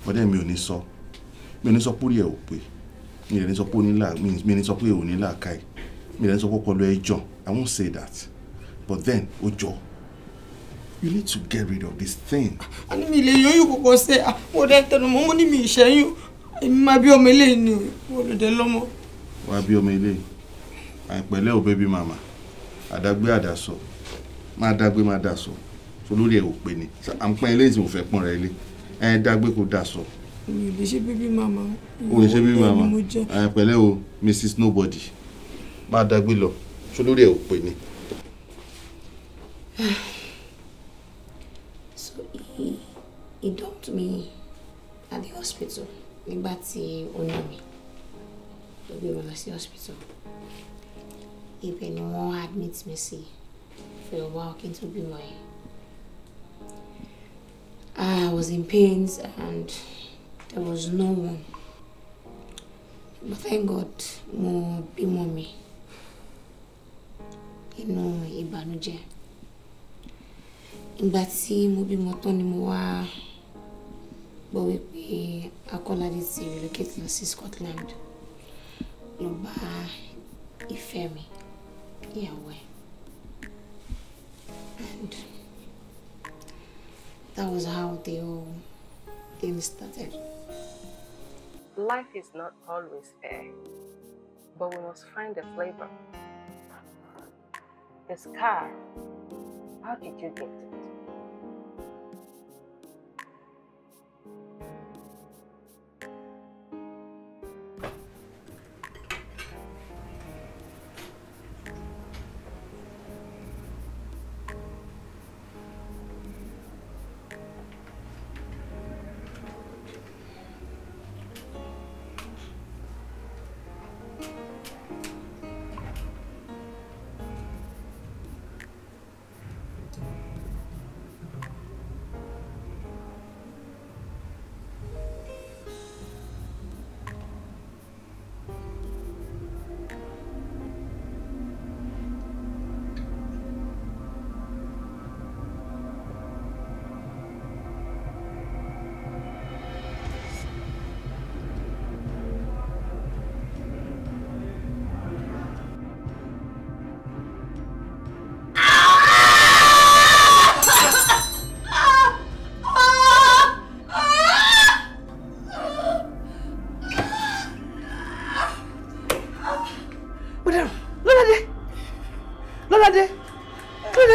Speaker 1: bọ́dẹ̀ mi ò ní sọ mi ò ní sọ pé ó rí ẹ̀ ò pé mi ò ní sọ pé ó ní là mi ò ní sọ pé ò ní là káì mi lẹ́nu sọ kọ́kọ́ lọ ẹjọ́ I won't say that but then Ojo, you need to get rid of this thing. a ah,
Speaker 2: ah, ní mi lè yọyún kòkó ṣe àwọn ọ̀dà ìtẹnu mọ́ mọ́ ní mi ìṣẹ́yún èmi máa bí ọmọ eléyìí ni olùdẹ lọ́mọ.
Speaker 1: wà á bí ọmọ eléyìí àìpẹ̀lẹ́ ò bẹ́bí màmá àdágbé àdàsọ máa dágbé máa dàsọ olórí ẹ̀ ò pé ni à ń pọ́n eléyìí tí mo fẹ́ pọ́n rẹ lé ẹ̀ dágbé kò dàsọ.
Speaker 2: mi ò lè ṣe bíbí màmá. o lè ṣe bíbí màmá
Speaker 1: àìpẹ̀lẹ́ o Mrs. Nobody máa dàgbé lọ tó lórí ẹ̀ ò pè ní.
Speaker 5: so he he dumped me at the hospital nígbà tí ó ná mi ló gbé mi lọ sí hospital ibẹ̀ ni wọ́n admit me sí for a while kí n tó bímọ yẹn. I was in pains and there was no one. But thank God, more be more me. inú ìbànújẹ́ ìgbà tí mo bímọ tán ni mo wá wípé ti relocate lọ sí Scotland lọ bá ìfẹ́ mi ìyàwó ẹ̀ and that was how the whole thing started.
Speaker 7: Life is not always fair, but we must find the flavor. this car. How did you get it?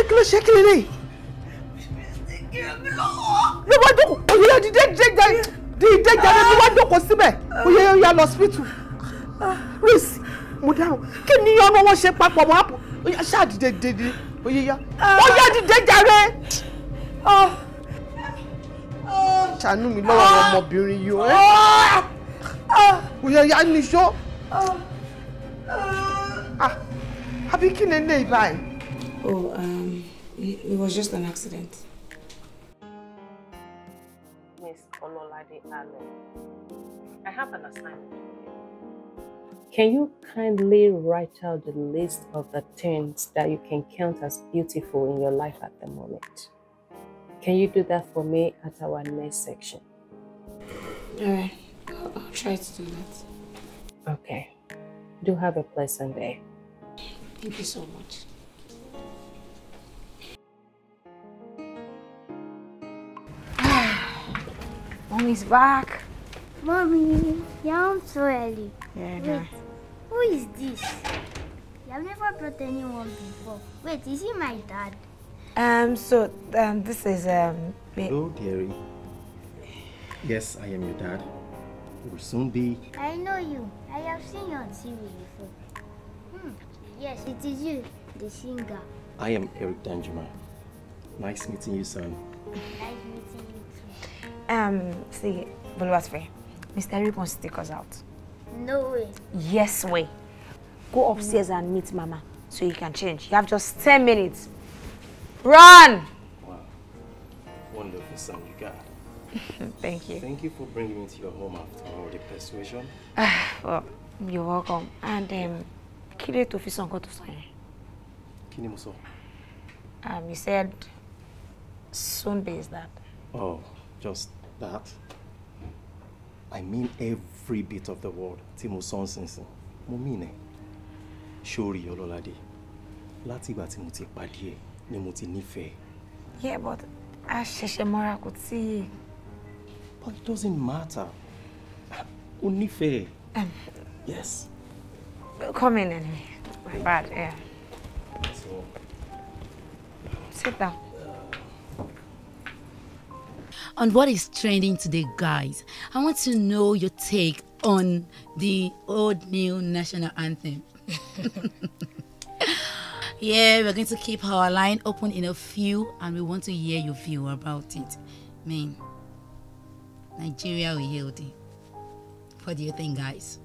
Speaker 7: kí ló ṣe kí lélẹ̀ yìí. ló wá jókòó òyìnbó dìde dìde dìde jáde ló wá jókòó síbẹ̀ òyìnbó yà lọ sípítù rìsì mo dáhùn
Speaker 2: kí ni ọmọ wọn ṣe papọ̀ o àpò ṣáà dìde dìde òyìnbó òyìnbó dìde jáde ṣàánú mi lọ́wọ́ ọmọbìnrin yìí ọ́
Speaker 5: òyìnbó yà níṣó ah, àbí kí ni ilé ìbáyìí. Oh, um, it, was just an
Speaker 9: accident.
Speaker 7: Miss Ololade Allen, I have an assignment.
Speaker 9: Can you kindly write
Speaker 7: out the list of the things that you can count as beautiful in your life at the moment? Can you do that for me at our next section? alright I'll, I'll
Speaker 9: try to do that.
Speaker 7: Okay. Do have a pleasant
Speaker 5: day. Thank you so much.
Speaker 10: Mommy's back. Mommy, yeah, I'm so early. Yeah, Wait, who is this? I've never brought anyone before. Wait, is he my dad?
Speaker 5: Um, so, um, this is, um...
Speaker 11: Hello, dearie. Yes, I am your dad. will soon be...
Speaker 10: I know you. I have seen you on TV before. Hmm. Yes, it is you, the singer.
Speaker 11: I am Eric Danjuma. Nice meeting you, son.
Speaker 10: Nice meeting you.
Speaker 5: Um, see, fair? Mr. Eric wants to take us out.
Speaker 10: No way.
Speaker 11: Yes way.
Speaker 5: Go upstairs and meet Mama so you can change. You have just 10 minutes. Run!
Speaker 11: Wow. Wonderful son you got. Thank you. Thank you for bringing me to your home after all the persuasion.
Speaker 5: well, you're welcome. And um, kí ló tó tó sọ Kini muso. Um, you said Sunday is that.
Speaker 11: Oh, just that I mean every bit of the word tí mo sọ ń sinsin mo mean ẹ̀ sórí ọlọ́ládé láti mo ti pàdé ẹ ni mo ti nífẹ̀ẹ́.
Speaker 5: yeah but a ṣẹ̀ṣẹ̀ mọ́ra kò tí.
Speaker 11: but it doesn't matter o nífẹ̀ẹ́. Um, yes.
Speaker 5: come in anyway my bad. Yeah. So, Sit down.
Speaker 3: on what is trending today, guys. I want to know your take on the old new national anthem. yeah, we're going to keep our line open in a few and we want to hear your view about it. Mean Nigeria we yield. What do you think, guys?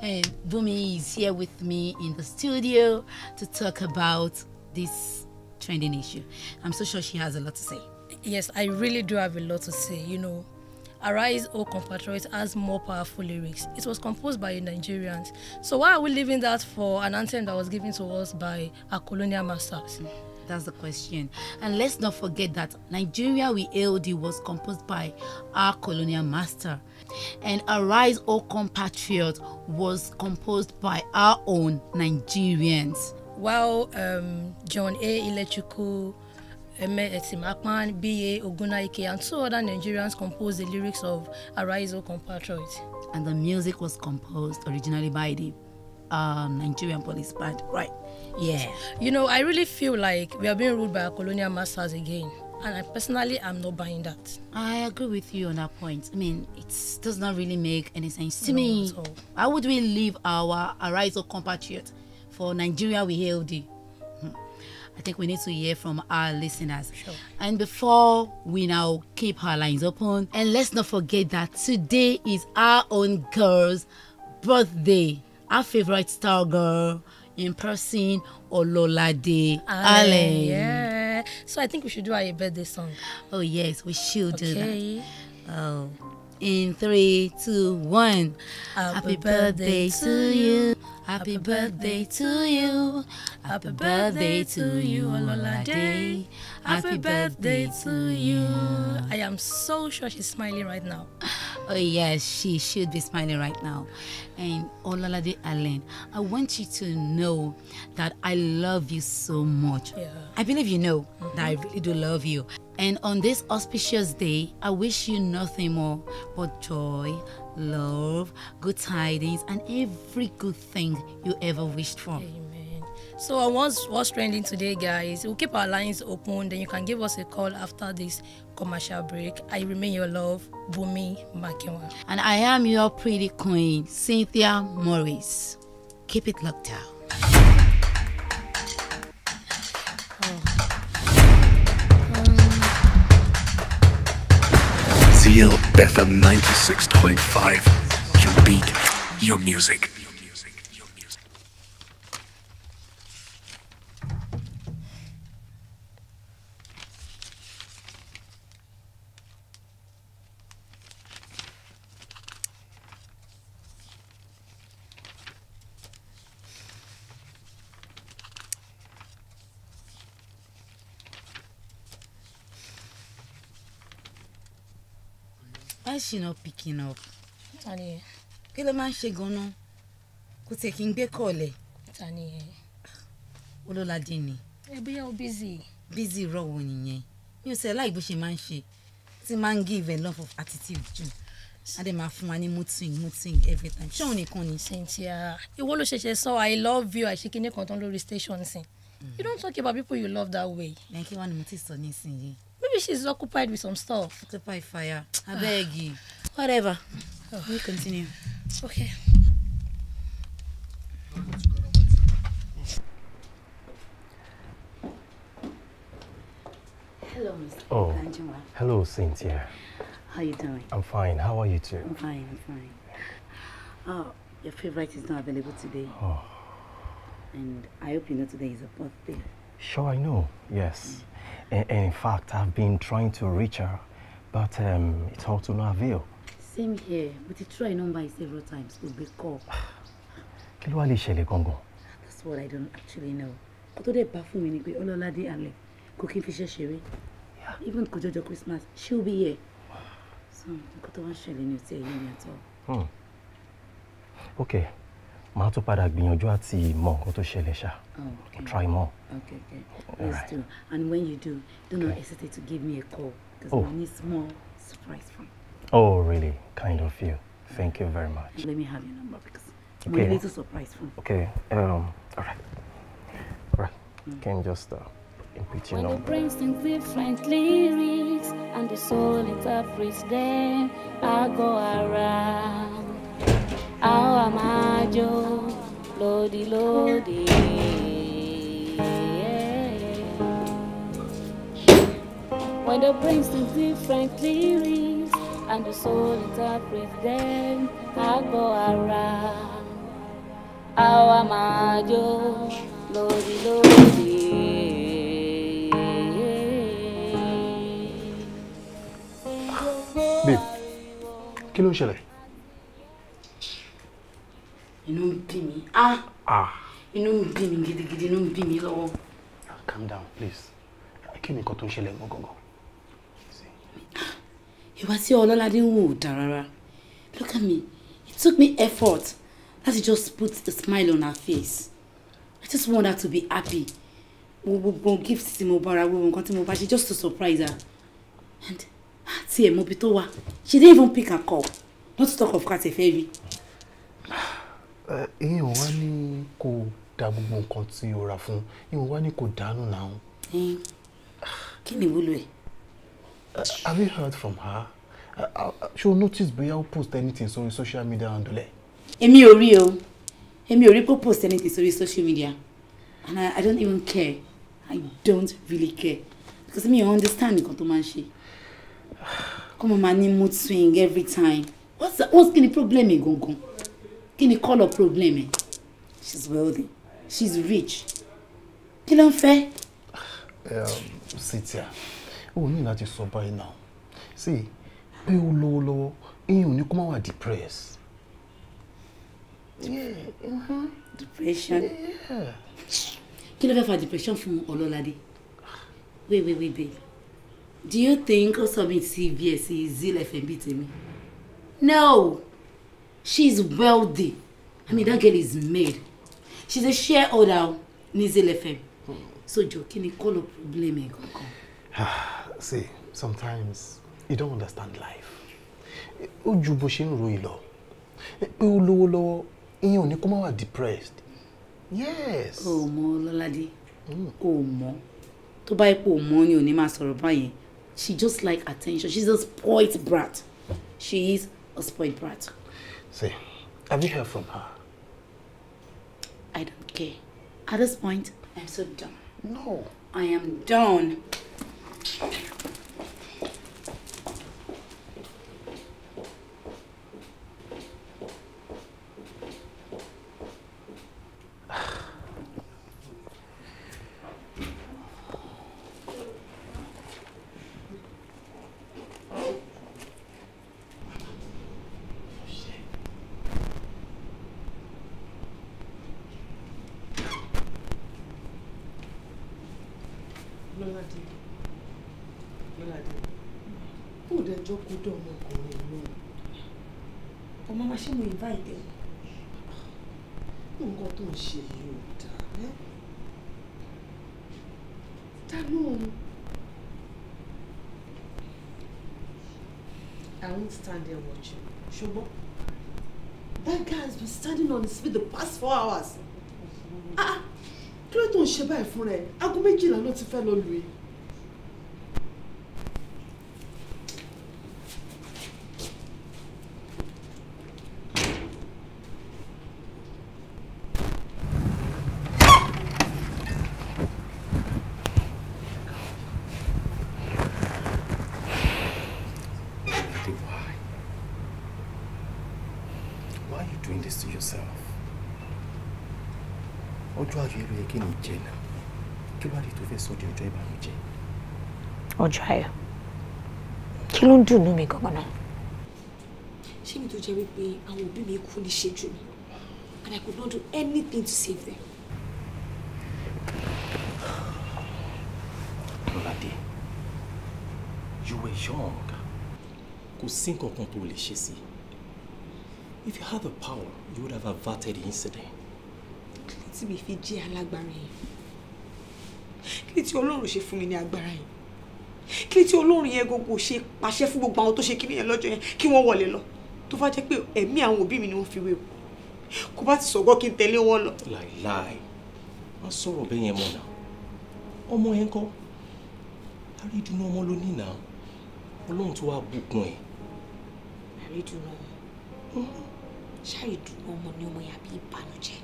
Speaker 3: And eh, Bumi is here with me in the studio to talk about this trending issue. I'm so sure she has a lot to say. Yes, I really do have a lot to say. You know, Arise, O Compatriots has more powerful lyrics. It was composed by Nigerians. So why are we leaving that for an anthem that was given to us by our colonial masters? Hmm, that's the question. And let's not forget that Nigeria We Hail was composed by our colonial master. And Arise, O Compatriots was composed by our own Nigerians. While um, John A. Electrical Eme Etimakpan, B.A. Ogunaike, and two other Nigerians composed the lyrics of O Compatriot. And the music was composed originally by the um, Nigerian police band, right? Yeah. You know, I really feel like we are being ruled by our colonial masters again. And I personally am not buying that. I agree with you on that point. I mean, it does not really make any sense to no, me. How would we leave our O compatriot for Nigeria we hail I think we need to hear from our listeners. Sure. And before we now keep our lines open, and let's not forget that today is our own girl's birthday. Our favorite star girl in person, Ololade Allen. Yeah. So I think we should do our birthday song. Oh yes, we should okay. do that. Oh. In three, two, one. Happy, Happy birthday, birthday, to you. you. Happy birthday to you. Happy birthday to you, Ololade. Happy birthday to you. I am so sure she's smiling right now. Oh yes, she should be smiling right now. And Ololade Allen, I want you to know that I love you so much. Yeah. I believe you know mm -hmm. that I really do love you. And on this auspicious day, I wish you nothing more but joy, love, good tidings, and every good thing you ever wished for. Amen. So what's, what's trending today, guys? We'll keep our lines open. Then you can give us a call after this commercial break. I remain your love, Bumi Makenwa. And I am your pretty queen, Cynthia Morris. Keep it locked down.
Speaker 8: Seal Bethel 96.5. You beat your music.
Speaker 3: Why is she not picking up? Tani yẹn. Kí ló máa ń ṣe gan-an? Kò tẹ̀ kí n gbé kọ̀ọ̀lẹ̀. Tani yẹn. Olóládé ni.
Speaker 9: Ẹbí yẹn ó bízì.
Speaker 3: Bízì rọ̀wọ̀ nìyẹn. Mi ò sẹ́ láì bó ṣe máa ń ṣe. Tí máa ń give a lot of attitude jù. Adé máa fún wa ní mood swing mood every time. Ṣé òun nìkan ni? Cynthia, ìwọ ló ṣẹ̀ṣẹ̀ sọ I love you àṣekínní kan tán lórí station sin. You don't talk about people you love that way. Yẹn kí wọ́n ní mo ti sọ nísìnyí. Maybe she's occupied with some stuff. Occupied fire. I beg you. Whatever. Oh. We continue. Okay. Hello, Mr. Oh.
Speaker 11: Hello, Cynthia. How you doing? I'm fine. How are you too? I'm
Speaker 3: fine, I'm fine. Oh, your favorite is not available today. Oh. And I hope you know today is a birthday.
Speaker 11: Sure, I know. Yes. Mm. In, in fact, I've been trying to reach her, but um, it's all to no avail. Same
Speaker 3: here, but I try number several times, kò be call.
Speaker 11: Kí is wá lè
Speaker 3: That's what I don't actually know. Kó tó dé bá fún mi ni pé Ọlọ́ládé alẹ̀ kò kí n Even kò jọjọ Christmas, she'll be here. So, nǹkan tó wá ṣẹlẹ̀ ni ò tiẹ̀ yé mi at all.
Speaker 11: Hmm. Okay màá tún padà gbìyànjú àti mọ̀ nǹkan tó ṣẹlẹ̀ ṣá oh, try more.
Speaker 3: okay okay please right. and when you do do not hesitate to give me a call because oh. I need small surprise from you. oh
Speaker 11: really kind of you thank you very much.
Speaker 3: let me have your number because we need a surprise from you. okay
Speaker 11: um, all right all right mm. can just. Uh, input your when number. the brain
Speaker 9: sings different lyrics and the soul interprets them, I go around
Speaker 8: àwa máa
Speaker 9: lodi lodi. lódì. When the brain sings different lyrics and the soul interprets them, I go around. máa jó lodi lodi.
Speaker 4: Babe, kí ló ń ṣẹlẹ̀? inú
Speaker 3: ń bí mi ah! ah inú ń bí mi gidigidi inú ń bí mi lọ́wọ́.
Speaker 4: calm down please kí ni nǹkan tó ń ṣẹlẹ̀ gbọ́ngàn.
Speaker 3: ìwà tí ọlọ́ládé ń wò dá rárá look at me it took me effort láti just put a smile on her face i just want her to be happy gbogbo gift tí mo bára gbogbo nǹkan tí mo bá ṣe just to surprise her and àti ẹ̀ mọ́bi tó wà she didn't even pick her call not to talk of cat ẹ̀ fẹ́ rí
Speaker 4: ìyẹn wá ní kò da gbogbo nǹkan tí o rà fún ìyẹn wá ní kò dànù náà. kí ni ìwúlò ẹ. have you heard from her? ṣé o notice bóyá ó post anything sórí social media handle ẹ.
Speaker 3: èmi ò rí o èmi ò rí kó post anything sórí social media and I, I don't even care I don't really care because me, I understand nǹkan tó máa ń ṣe kó mo máa ní mood swing every time what's, what's the problem gangan kí ni kọ́lọ̀ problem ẹ̀ she's wealthy she's rich kí ló ń fẹ́.
Speaker 4: sitia um, o ní láti sọ báyìí náà sí pé ó lówó lọ́wọ́ eyín ò ní kó má wà depressed.
Speaker 3: Yeah. Mm-hmm. depression kí ló fẹ́ fa depression fún ọlọ́ládé wait wait wait babe do you think ó sọ mi cbs zlfmb tèmi no. She is wealthy i mean that girl is made she's a shareholder in ZLFM. FM so jọ can you call ló problem
Speaker 4: see sometimes you don't understand life ó ju bó ṣe ń ro ìlọ depressed
Speaker 3: yes. Oh mo mọ Oh mo. To buy bá ipò mọ ni ò ní she just like attention she's a spoilt brat she is a spoilt brat.
Speaker 4: Say, have you heard from her?
Speaker 3: I don't care. At this point, I'm so done. No. I am done.
Speaker 7: on his feet the past four hours. Ah, ah kí ló tó ń ṣe báyìí fún rẹ aago méjìlá ló ti fẹ́ lọ lù í.
Speaker 11: kí ni ìjẹ náà kí wàá rí tó fẹ́ sọ di ọjọ́ ìbànújẹ́.
Speaker 5: ọjọ́ ayọ̀ kí ló ń dùnú mi gangan náà. ṣé mi tó jẹ́ wípé àwọn òbí mi kú ní ṣẹ́jú mi and I could not do anything to save them.
Speaker 11: Lọ́ládé, you were young. Kò sí nǹkan kan tó lè ṣe sí. If you had the power, you would have averted the incident kí ni
Speaker 2: tí mi fi jẹ́ alágbára yẹn kí ni tí ọlọ́run ṣe fún mi ní agbára yẹn kí ni tí ọlọ́run yẹn gbogbo ṣe pàṣẹ fún gbogbo àwọn tó ṣe kíní yẹn lọ́jọ́ yẹn kí wọ́n wọlé lọ tó bá jẹ́ pé ẹ̀mí àwọn òbí mi ni wọ́n fi wé o kó bá ti sọ̀gọ́ kí n tẹ̀lé wọn lọ.
Speaker 11: láìláì má sọ̀rọ̀ bẹ́ẹ̀ yẹn mọ̀ náà ọmọ yẹn kọ́ àrídùnú ọmọ ló ní náà ọlọ́run tó wá bùkún ẹ̀.
Speaker 5: àrídùnú ọmọ ṣáà ọmọ ni ọmọ yàbí ìbànújẹ́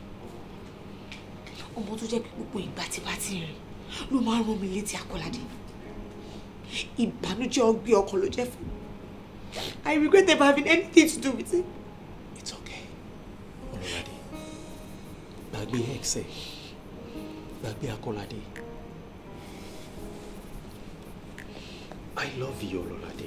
Speaker 5: ọmọ tó jẹ́ gbogbo ìgbà tí bá ti rìn ló máa ń rán mi létí Akọ́ládé
Speaker 2: ìbànújẹ́ ọgbẹ́ ọkàn ló jẹ́ fún mi I regret never having anything to do with it. It's okay,
Speaker 11: Olúwadé. Gbàgbé ẹ̀sẹ̀, gbàgbé Akọ́ládé. I love you, Olúwadé.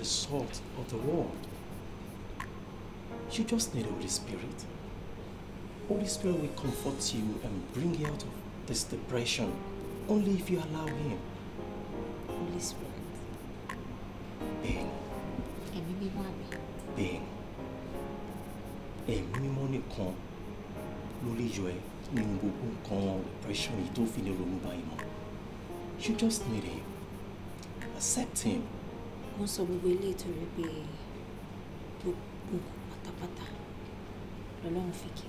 Speaker 11: the salt of the world. You just need the Holy Spirit. Holy Spirit will comfort you and bring you out of this depression only if you allow Him. Holy Spirit. Bẹ́ẹ̀ni.
Speaker 5: Ẹ̀mí
Speaker 11: Ẹ̀mí mímọ́ nìkan ló lè yọ depression ronú mọ́. You just need Him. Accept Him mo sọ gbogbo ilé ìtòrí pé gbogbo nǹkan pátápátá
Speaker 5: lọ́lọ́run fi kí.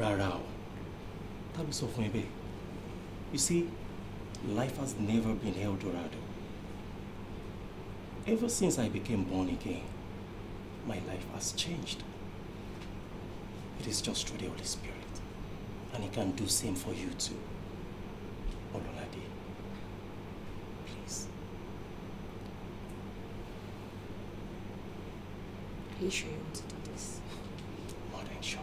Speaker 11: rárá o tàbí sọ fún you see life has never been El Dorado ever since I became born again my life has changed it is just through the Holy Spirit and he can do same for you too.
Speaker 5: patient is
Speaker 2: more than sure.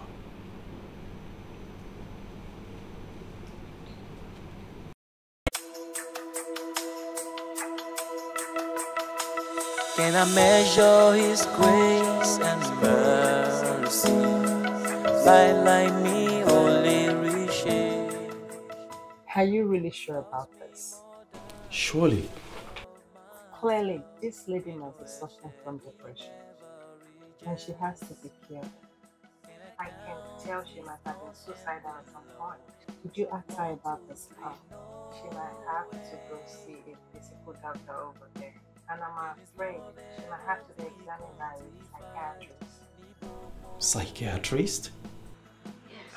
Speaker 7: Can I measure His grace and mercy by like me only reaching? Are you really sure about this?
Speaker 11: Surely.
Speaker 7: Clearly, this lady must be suffering from depression and she has to be killed. I can tell she might have been suicidal at some point. Did you ask her about this car? She might have to go see a physical doctor over there. And I'm afraid she might have to be examined by a
Speaker 11: psychiatrist. Psychiatrist? Yes.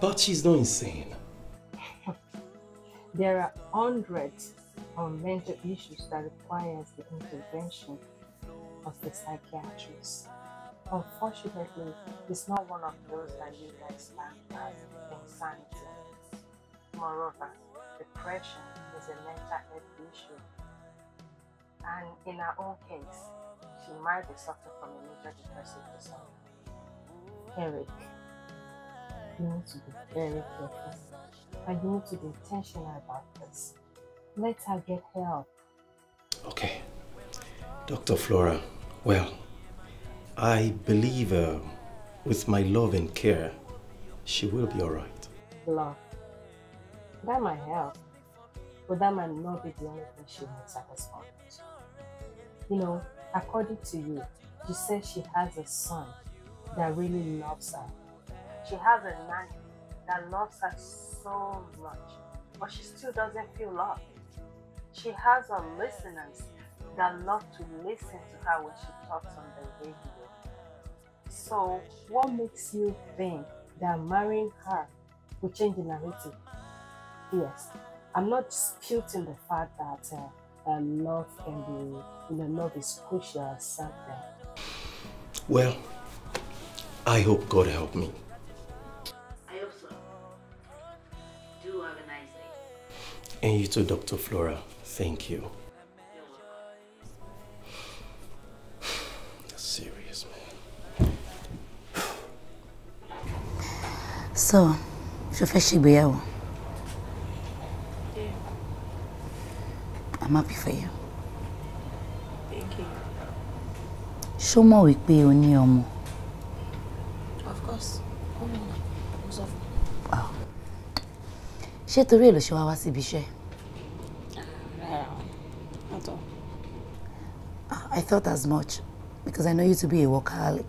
Speaker 11: But she's not insane.
Speaker 7: there are hundreds on mental issues that requires the intervention of the psychiatrist. Unfortunately, it's not one of those that you can stand as insanity. Moreover, depression is a mental health issue. And in our own case, she might be suffering from a major depressive disorder. Eric, you need to be very careful and you need to be intentional about this. Let her get help. Okay.
Speaker 11: Dr. Flora, well, I believe uh, with my love and care, she will be all right.
Speaker 7: Love. That might help. But that might not be the only thing she needs at this You know, according to you, she says she has a son
Speaker 3: that really loves her.
Speaker 7: She has a man that loves her so much, but she still doesn't feel loved. She has her listeners that love to listen to her when she talks on the radio. So, what makes you think that marrying her will change the narrative? Yes, I'm not disputing the fact that uh, uh, love can be, you know, love is crucial something.
Speaker 11: Well, I hope God help me. I hope so. Do have a nice day. And you too, Dr. Flora. Thank you. serious, man.
Speaker 3: So, ṣé o fẹ́ ṣègbéyàwó? I'm happy for you. Thank you. Show more mọ̀ wípé o ní ọmọ? Of course. Ṣé torí èlò ṣe wá wá síbi iṣẹ́? I thought as much because I know you to be a workaholic.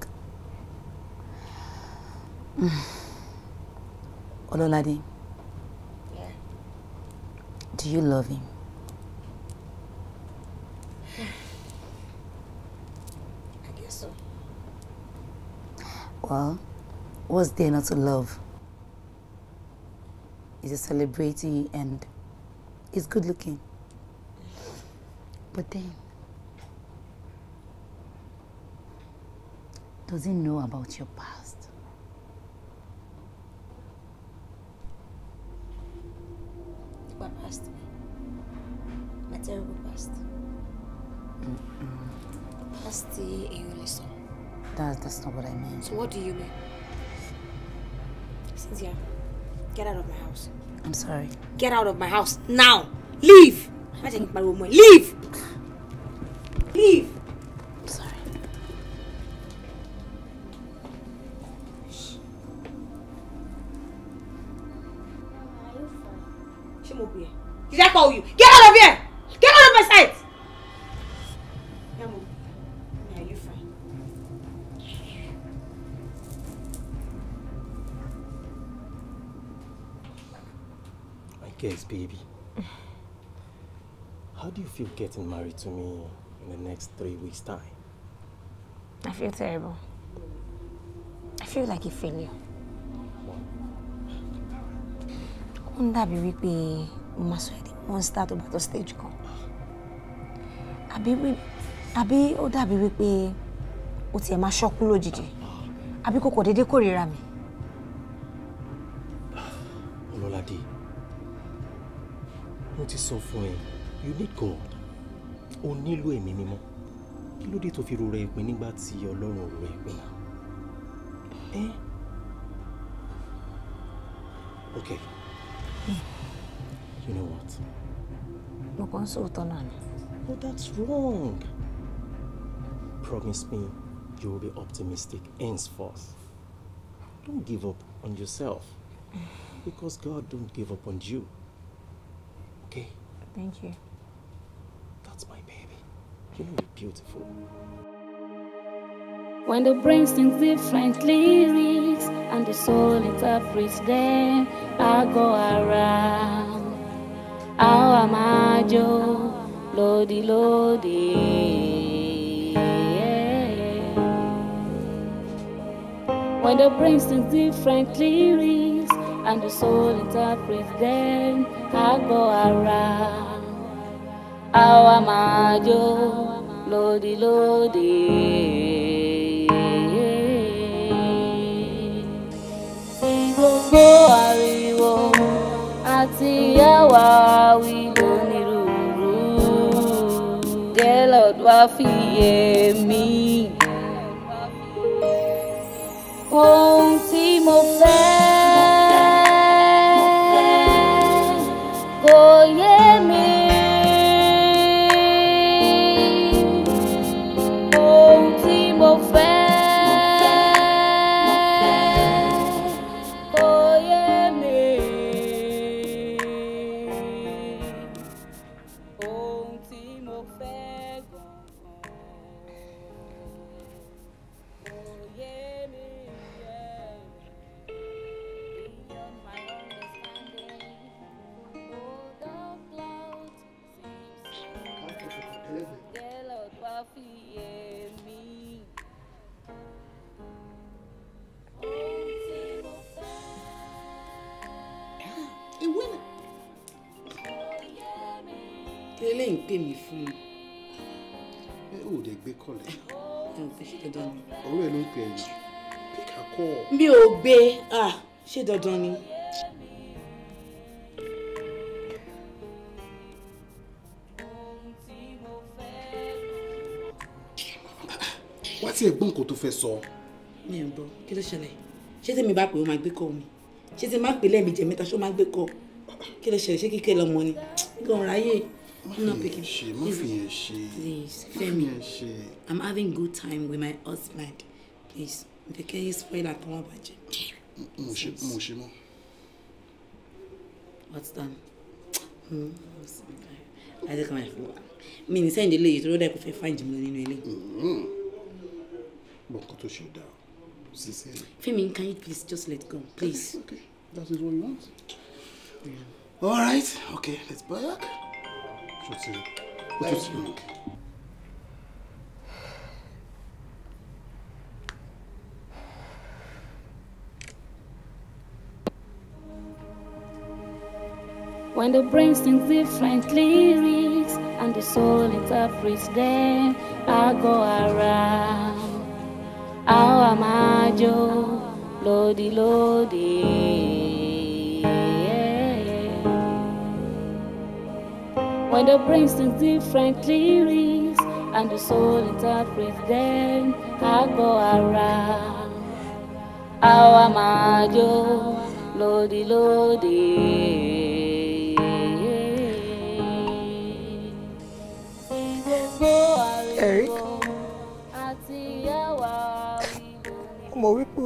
Speaker 3: Mm. Ololade. Yeah. Do you love him?
Speaker 5: I guess so.
Speaker 3: Well, what's there not to love? He's a celebrity and he's good looking. But then, does he know about
Speaker 5: your past? My past. My terrible past.
Speaker 3: Mm -mm.
Speaker 5: Past Eulison.
Speaker 3: That's, that's not what I mean. So what
Speaker 5: do you mean? Cynthia, get out of my house. I'm sorry. Get out of my house now! Leave! my Leave!
Speaker 11: Please, baby. How do you feel getting married to me in the next three weeks' time?
Speaker 5: I feel terrible. I feel like a failure. Ó ń dàbí wípé mo máa sọ èdè monster tó bá tó stage kan. Àbí ó dàbí wípé ó tiẹ̀ máa ṣọ́kú lójijì. Àbí kò kò rami.
Speaker 11: mo ti sọ fún ẹ you need God o nílò ẹ̀mí mímọ́ kí ló dé tó fi rora ẹ̀pin nígbà tí ọlọ́run rora ẹ̀pin náà ẹ ok you know what.
Speaker 5: mo kàn ń sòótọ́ náà ni. oh that's
Speaker 11: wrong promise me you will be optimistic henceforth don't give up on yourself because God don't give up on you. Thank you. That's my baby. You are beautiful. When the brain sings different
Speaker 9: lyrics and the soul interprets them, I go around. Our majo, lodi lodi. When the brain sings different lyrics. and the soul interprets them àgọ́ ara àwa máa jó lódìlódì. gbogbo ariwo àti yàwá wí lónírúurú gẹ́lọ́d wá fìyè mí. ohun tí mo fẹ́.
Speaker 4: ṣé dandan ni. wá sí ẹ̀gbọ́n nǹkan tó fẹ́ sọ. mi ò gbọ́
Speaker 3: kí ló ṣẹlẹ̀ ṣé tèmi bá pè ó máa gbé kọ́ mi ṣé tèmi máa pè lẹ́ẹ̀mejì mẹ́ta ṣó máa gbé kọ́ kí ló ṣẹlẹ̀ ṣé kíkẹ́ lọ́mọ ni nǹkan ráyè no picking please Femi I'm having good time with my husband please ǹkẹ́kẹ́ yín spoil one budget mo ṣe mo what's that? Hmm. I máa fi I mean, send the délé yìí tó
Speaker 4: dẹ́ kó fẹ́ fáìn jùlọ nínú ilé. Hmm. bọ̀ǹkan tó down. dáa sísẹ́ ni. can you please just let go please. Okay, okay. that is what you want. Yeah. all right okay let's back. ṣe ti o tún ti rìn.
Speaker 9: When the brain sings different lyrics and the soul interprets them, I go around. Our majo, lodi lodi. When the brain sings different lyrics and the soul interprets them, I go around. Our majo, lodi lodi.
Speaker 2: I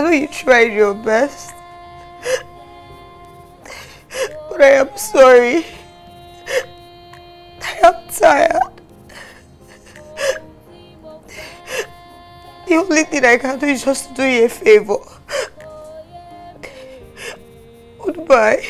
Speaker 2: know you tried your best but I am sorry I am tired the only thing I can do is just do you a favor goodbye.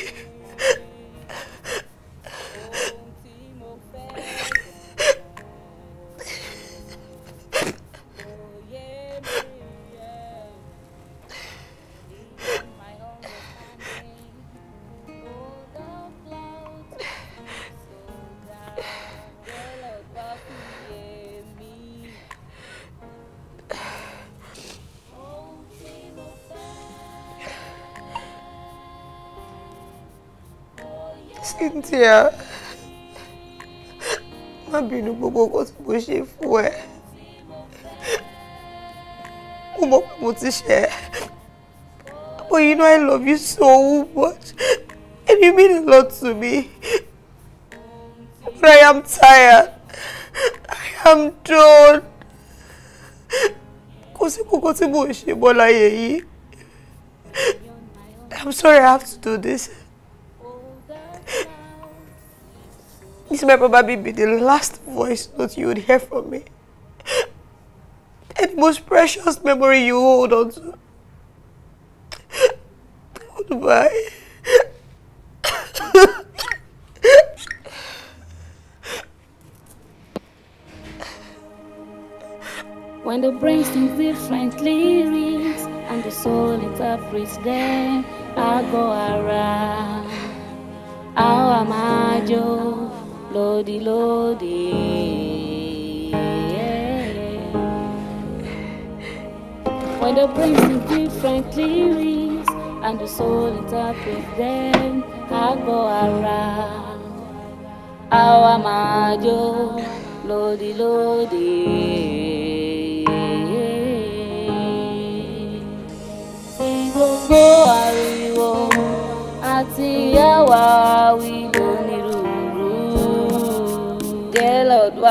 Speaker 2: Ìyá má bínú gbogbo nǹkan tí mo ṣe fún ẹ. Mo mọ̀ pé mo ti ṣẹ̀ ẹ́. But you know I love you so much and you mean a lot to me. But I am tired. I am done. Kò sí kókó tí mo ṣe bọ́ láyé yìí. I'm sorry I have to do this. This might probably be the last voice that you would hear from me. And the most precious memory you hold on to. Goodbye.
Speaker 9: when the brain sings different lyrics and the soul interprets them, I go around. How am I, Joe? Lodi, Lodi. Yeah. When the brains in different theories and the soul interprets them, I go around. Our majo, Lodi, Lodi. Yeah. Go, go, Ariwo, àti yá.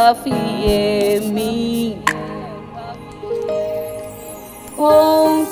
Speaker 9: wá fi yé mi. ohun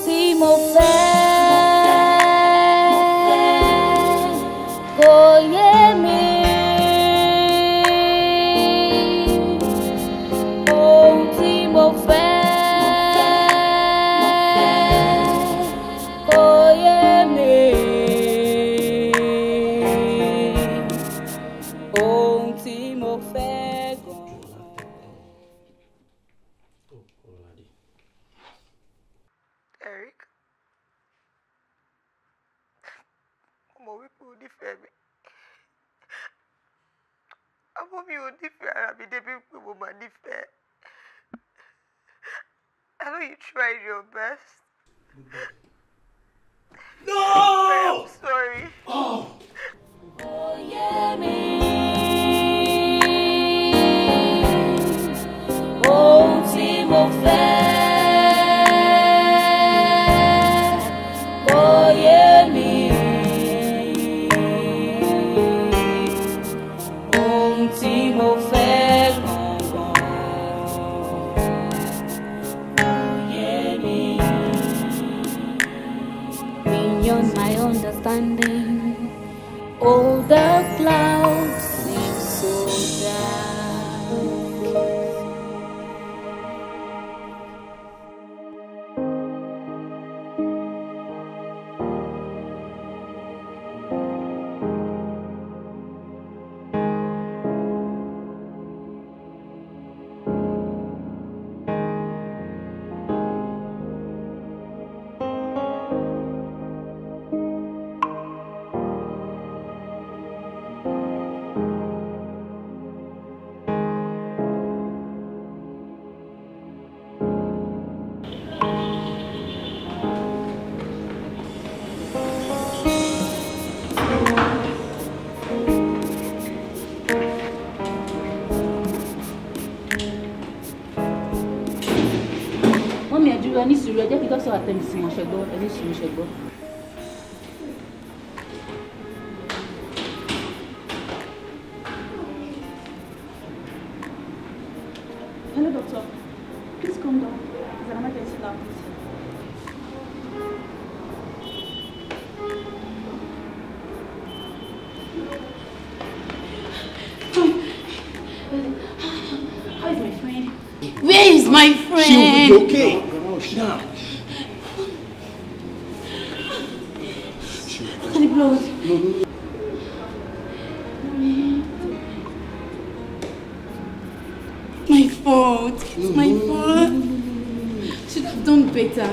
Speaker 10: fault. It's my mm-hmm.
Speaker 3: fault. Should have done better.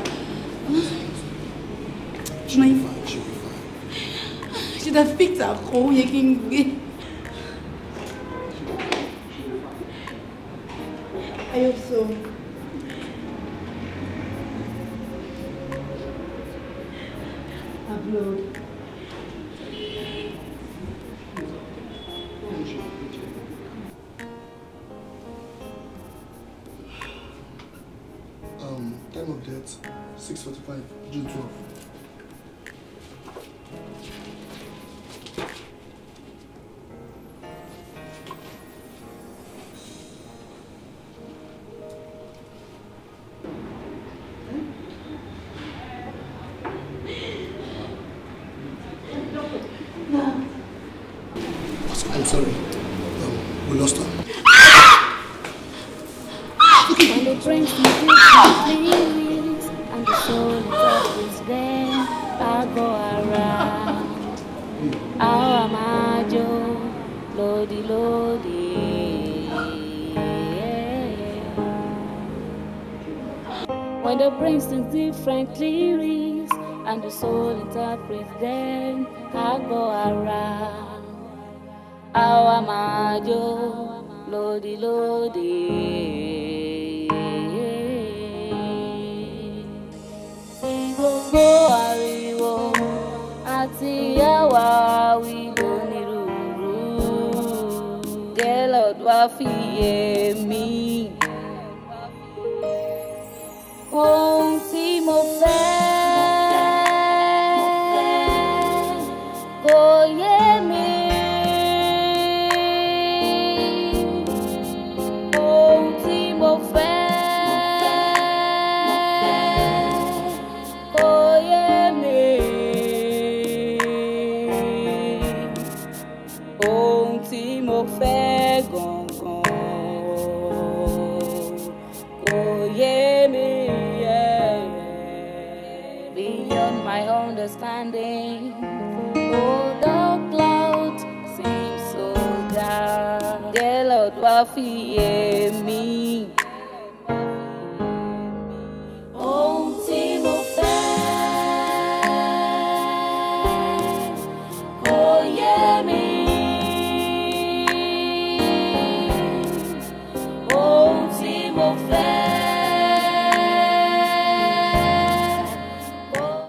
Speaker 3: My fault. Should have picked up all you can get. I hope so.
Speaker 12: Upload.
Speaker 9: yeah.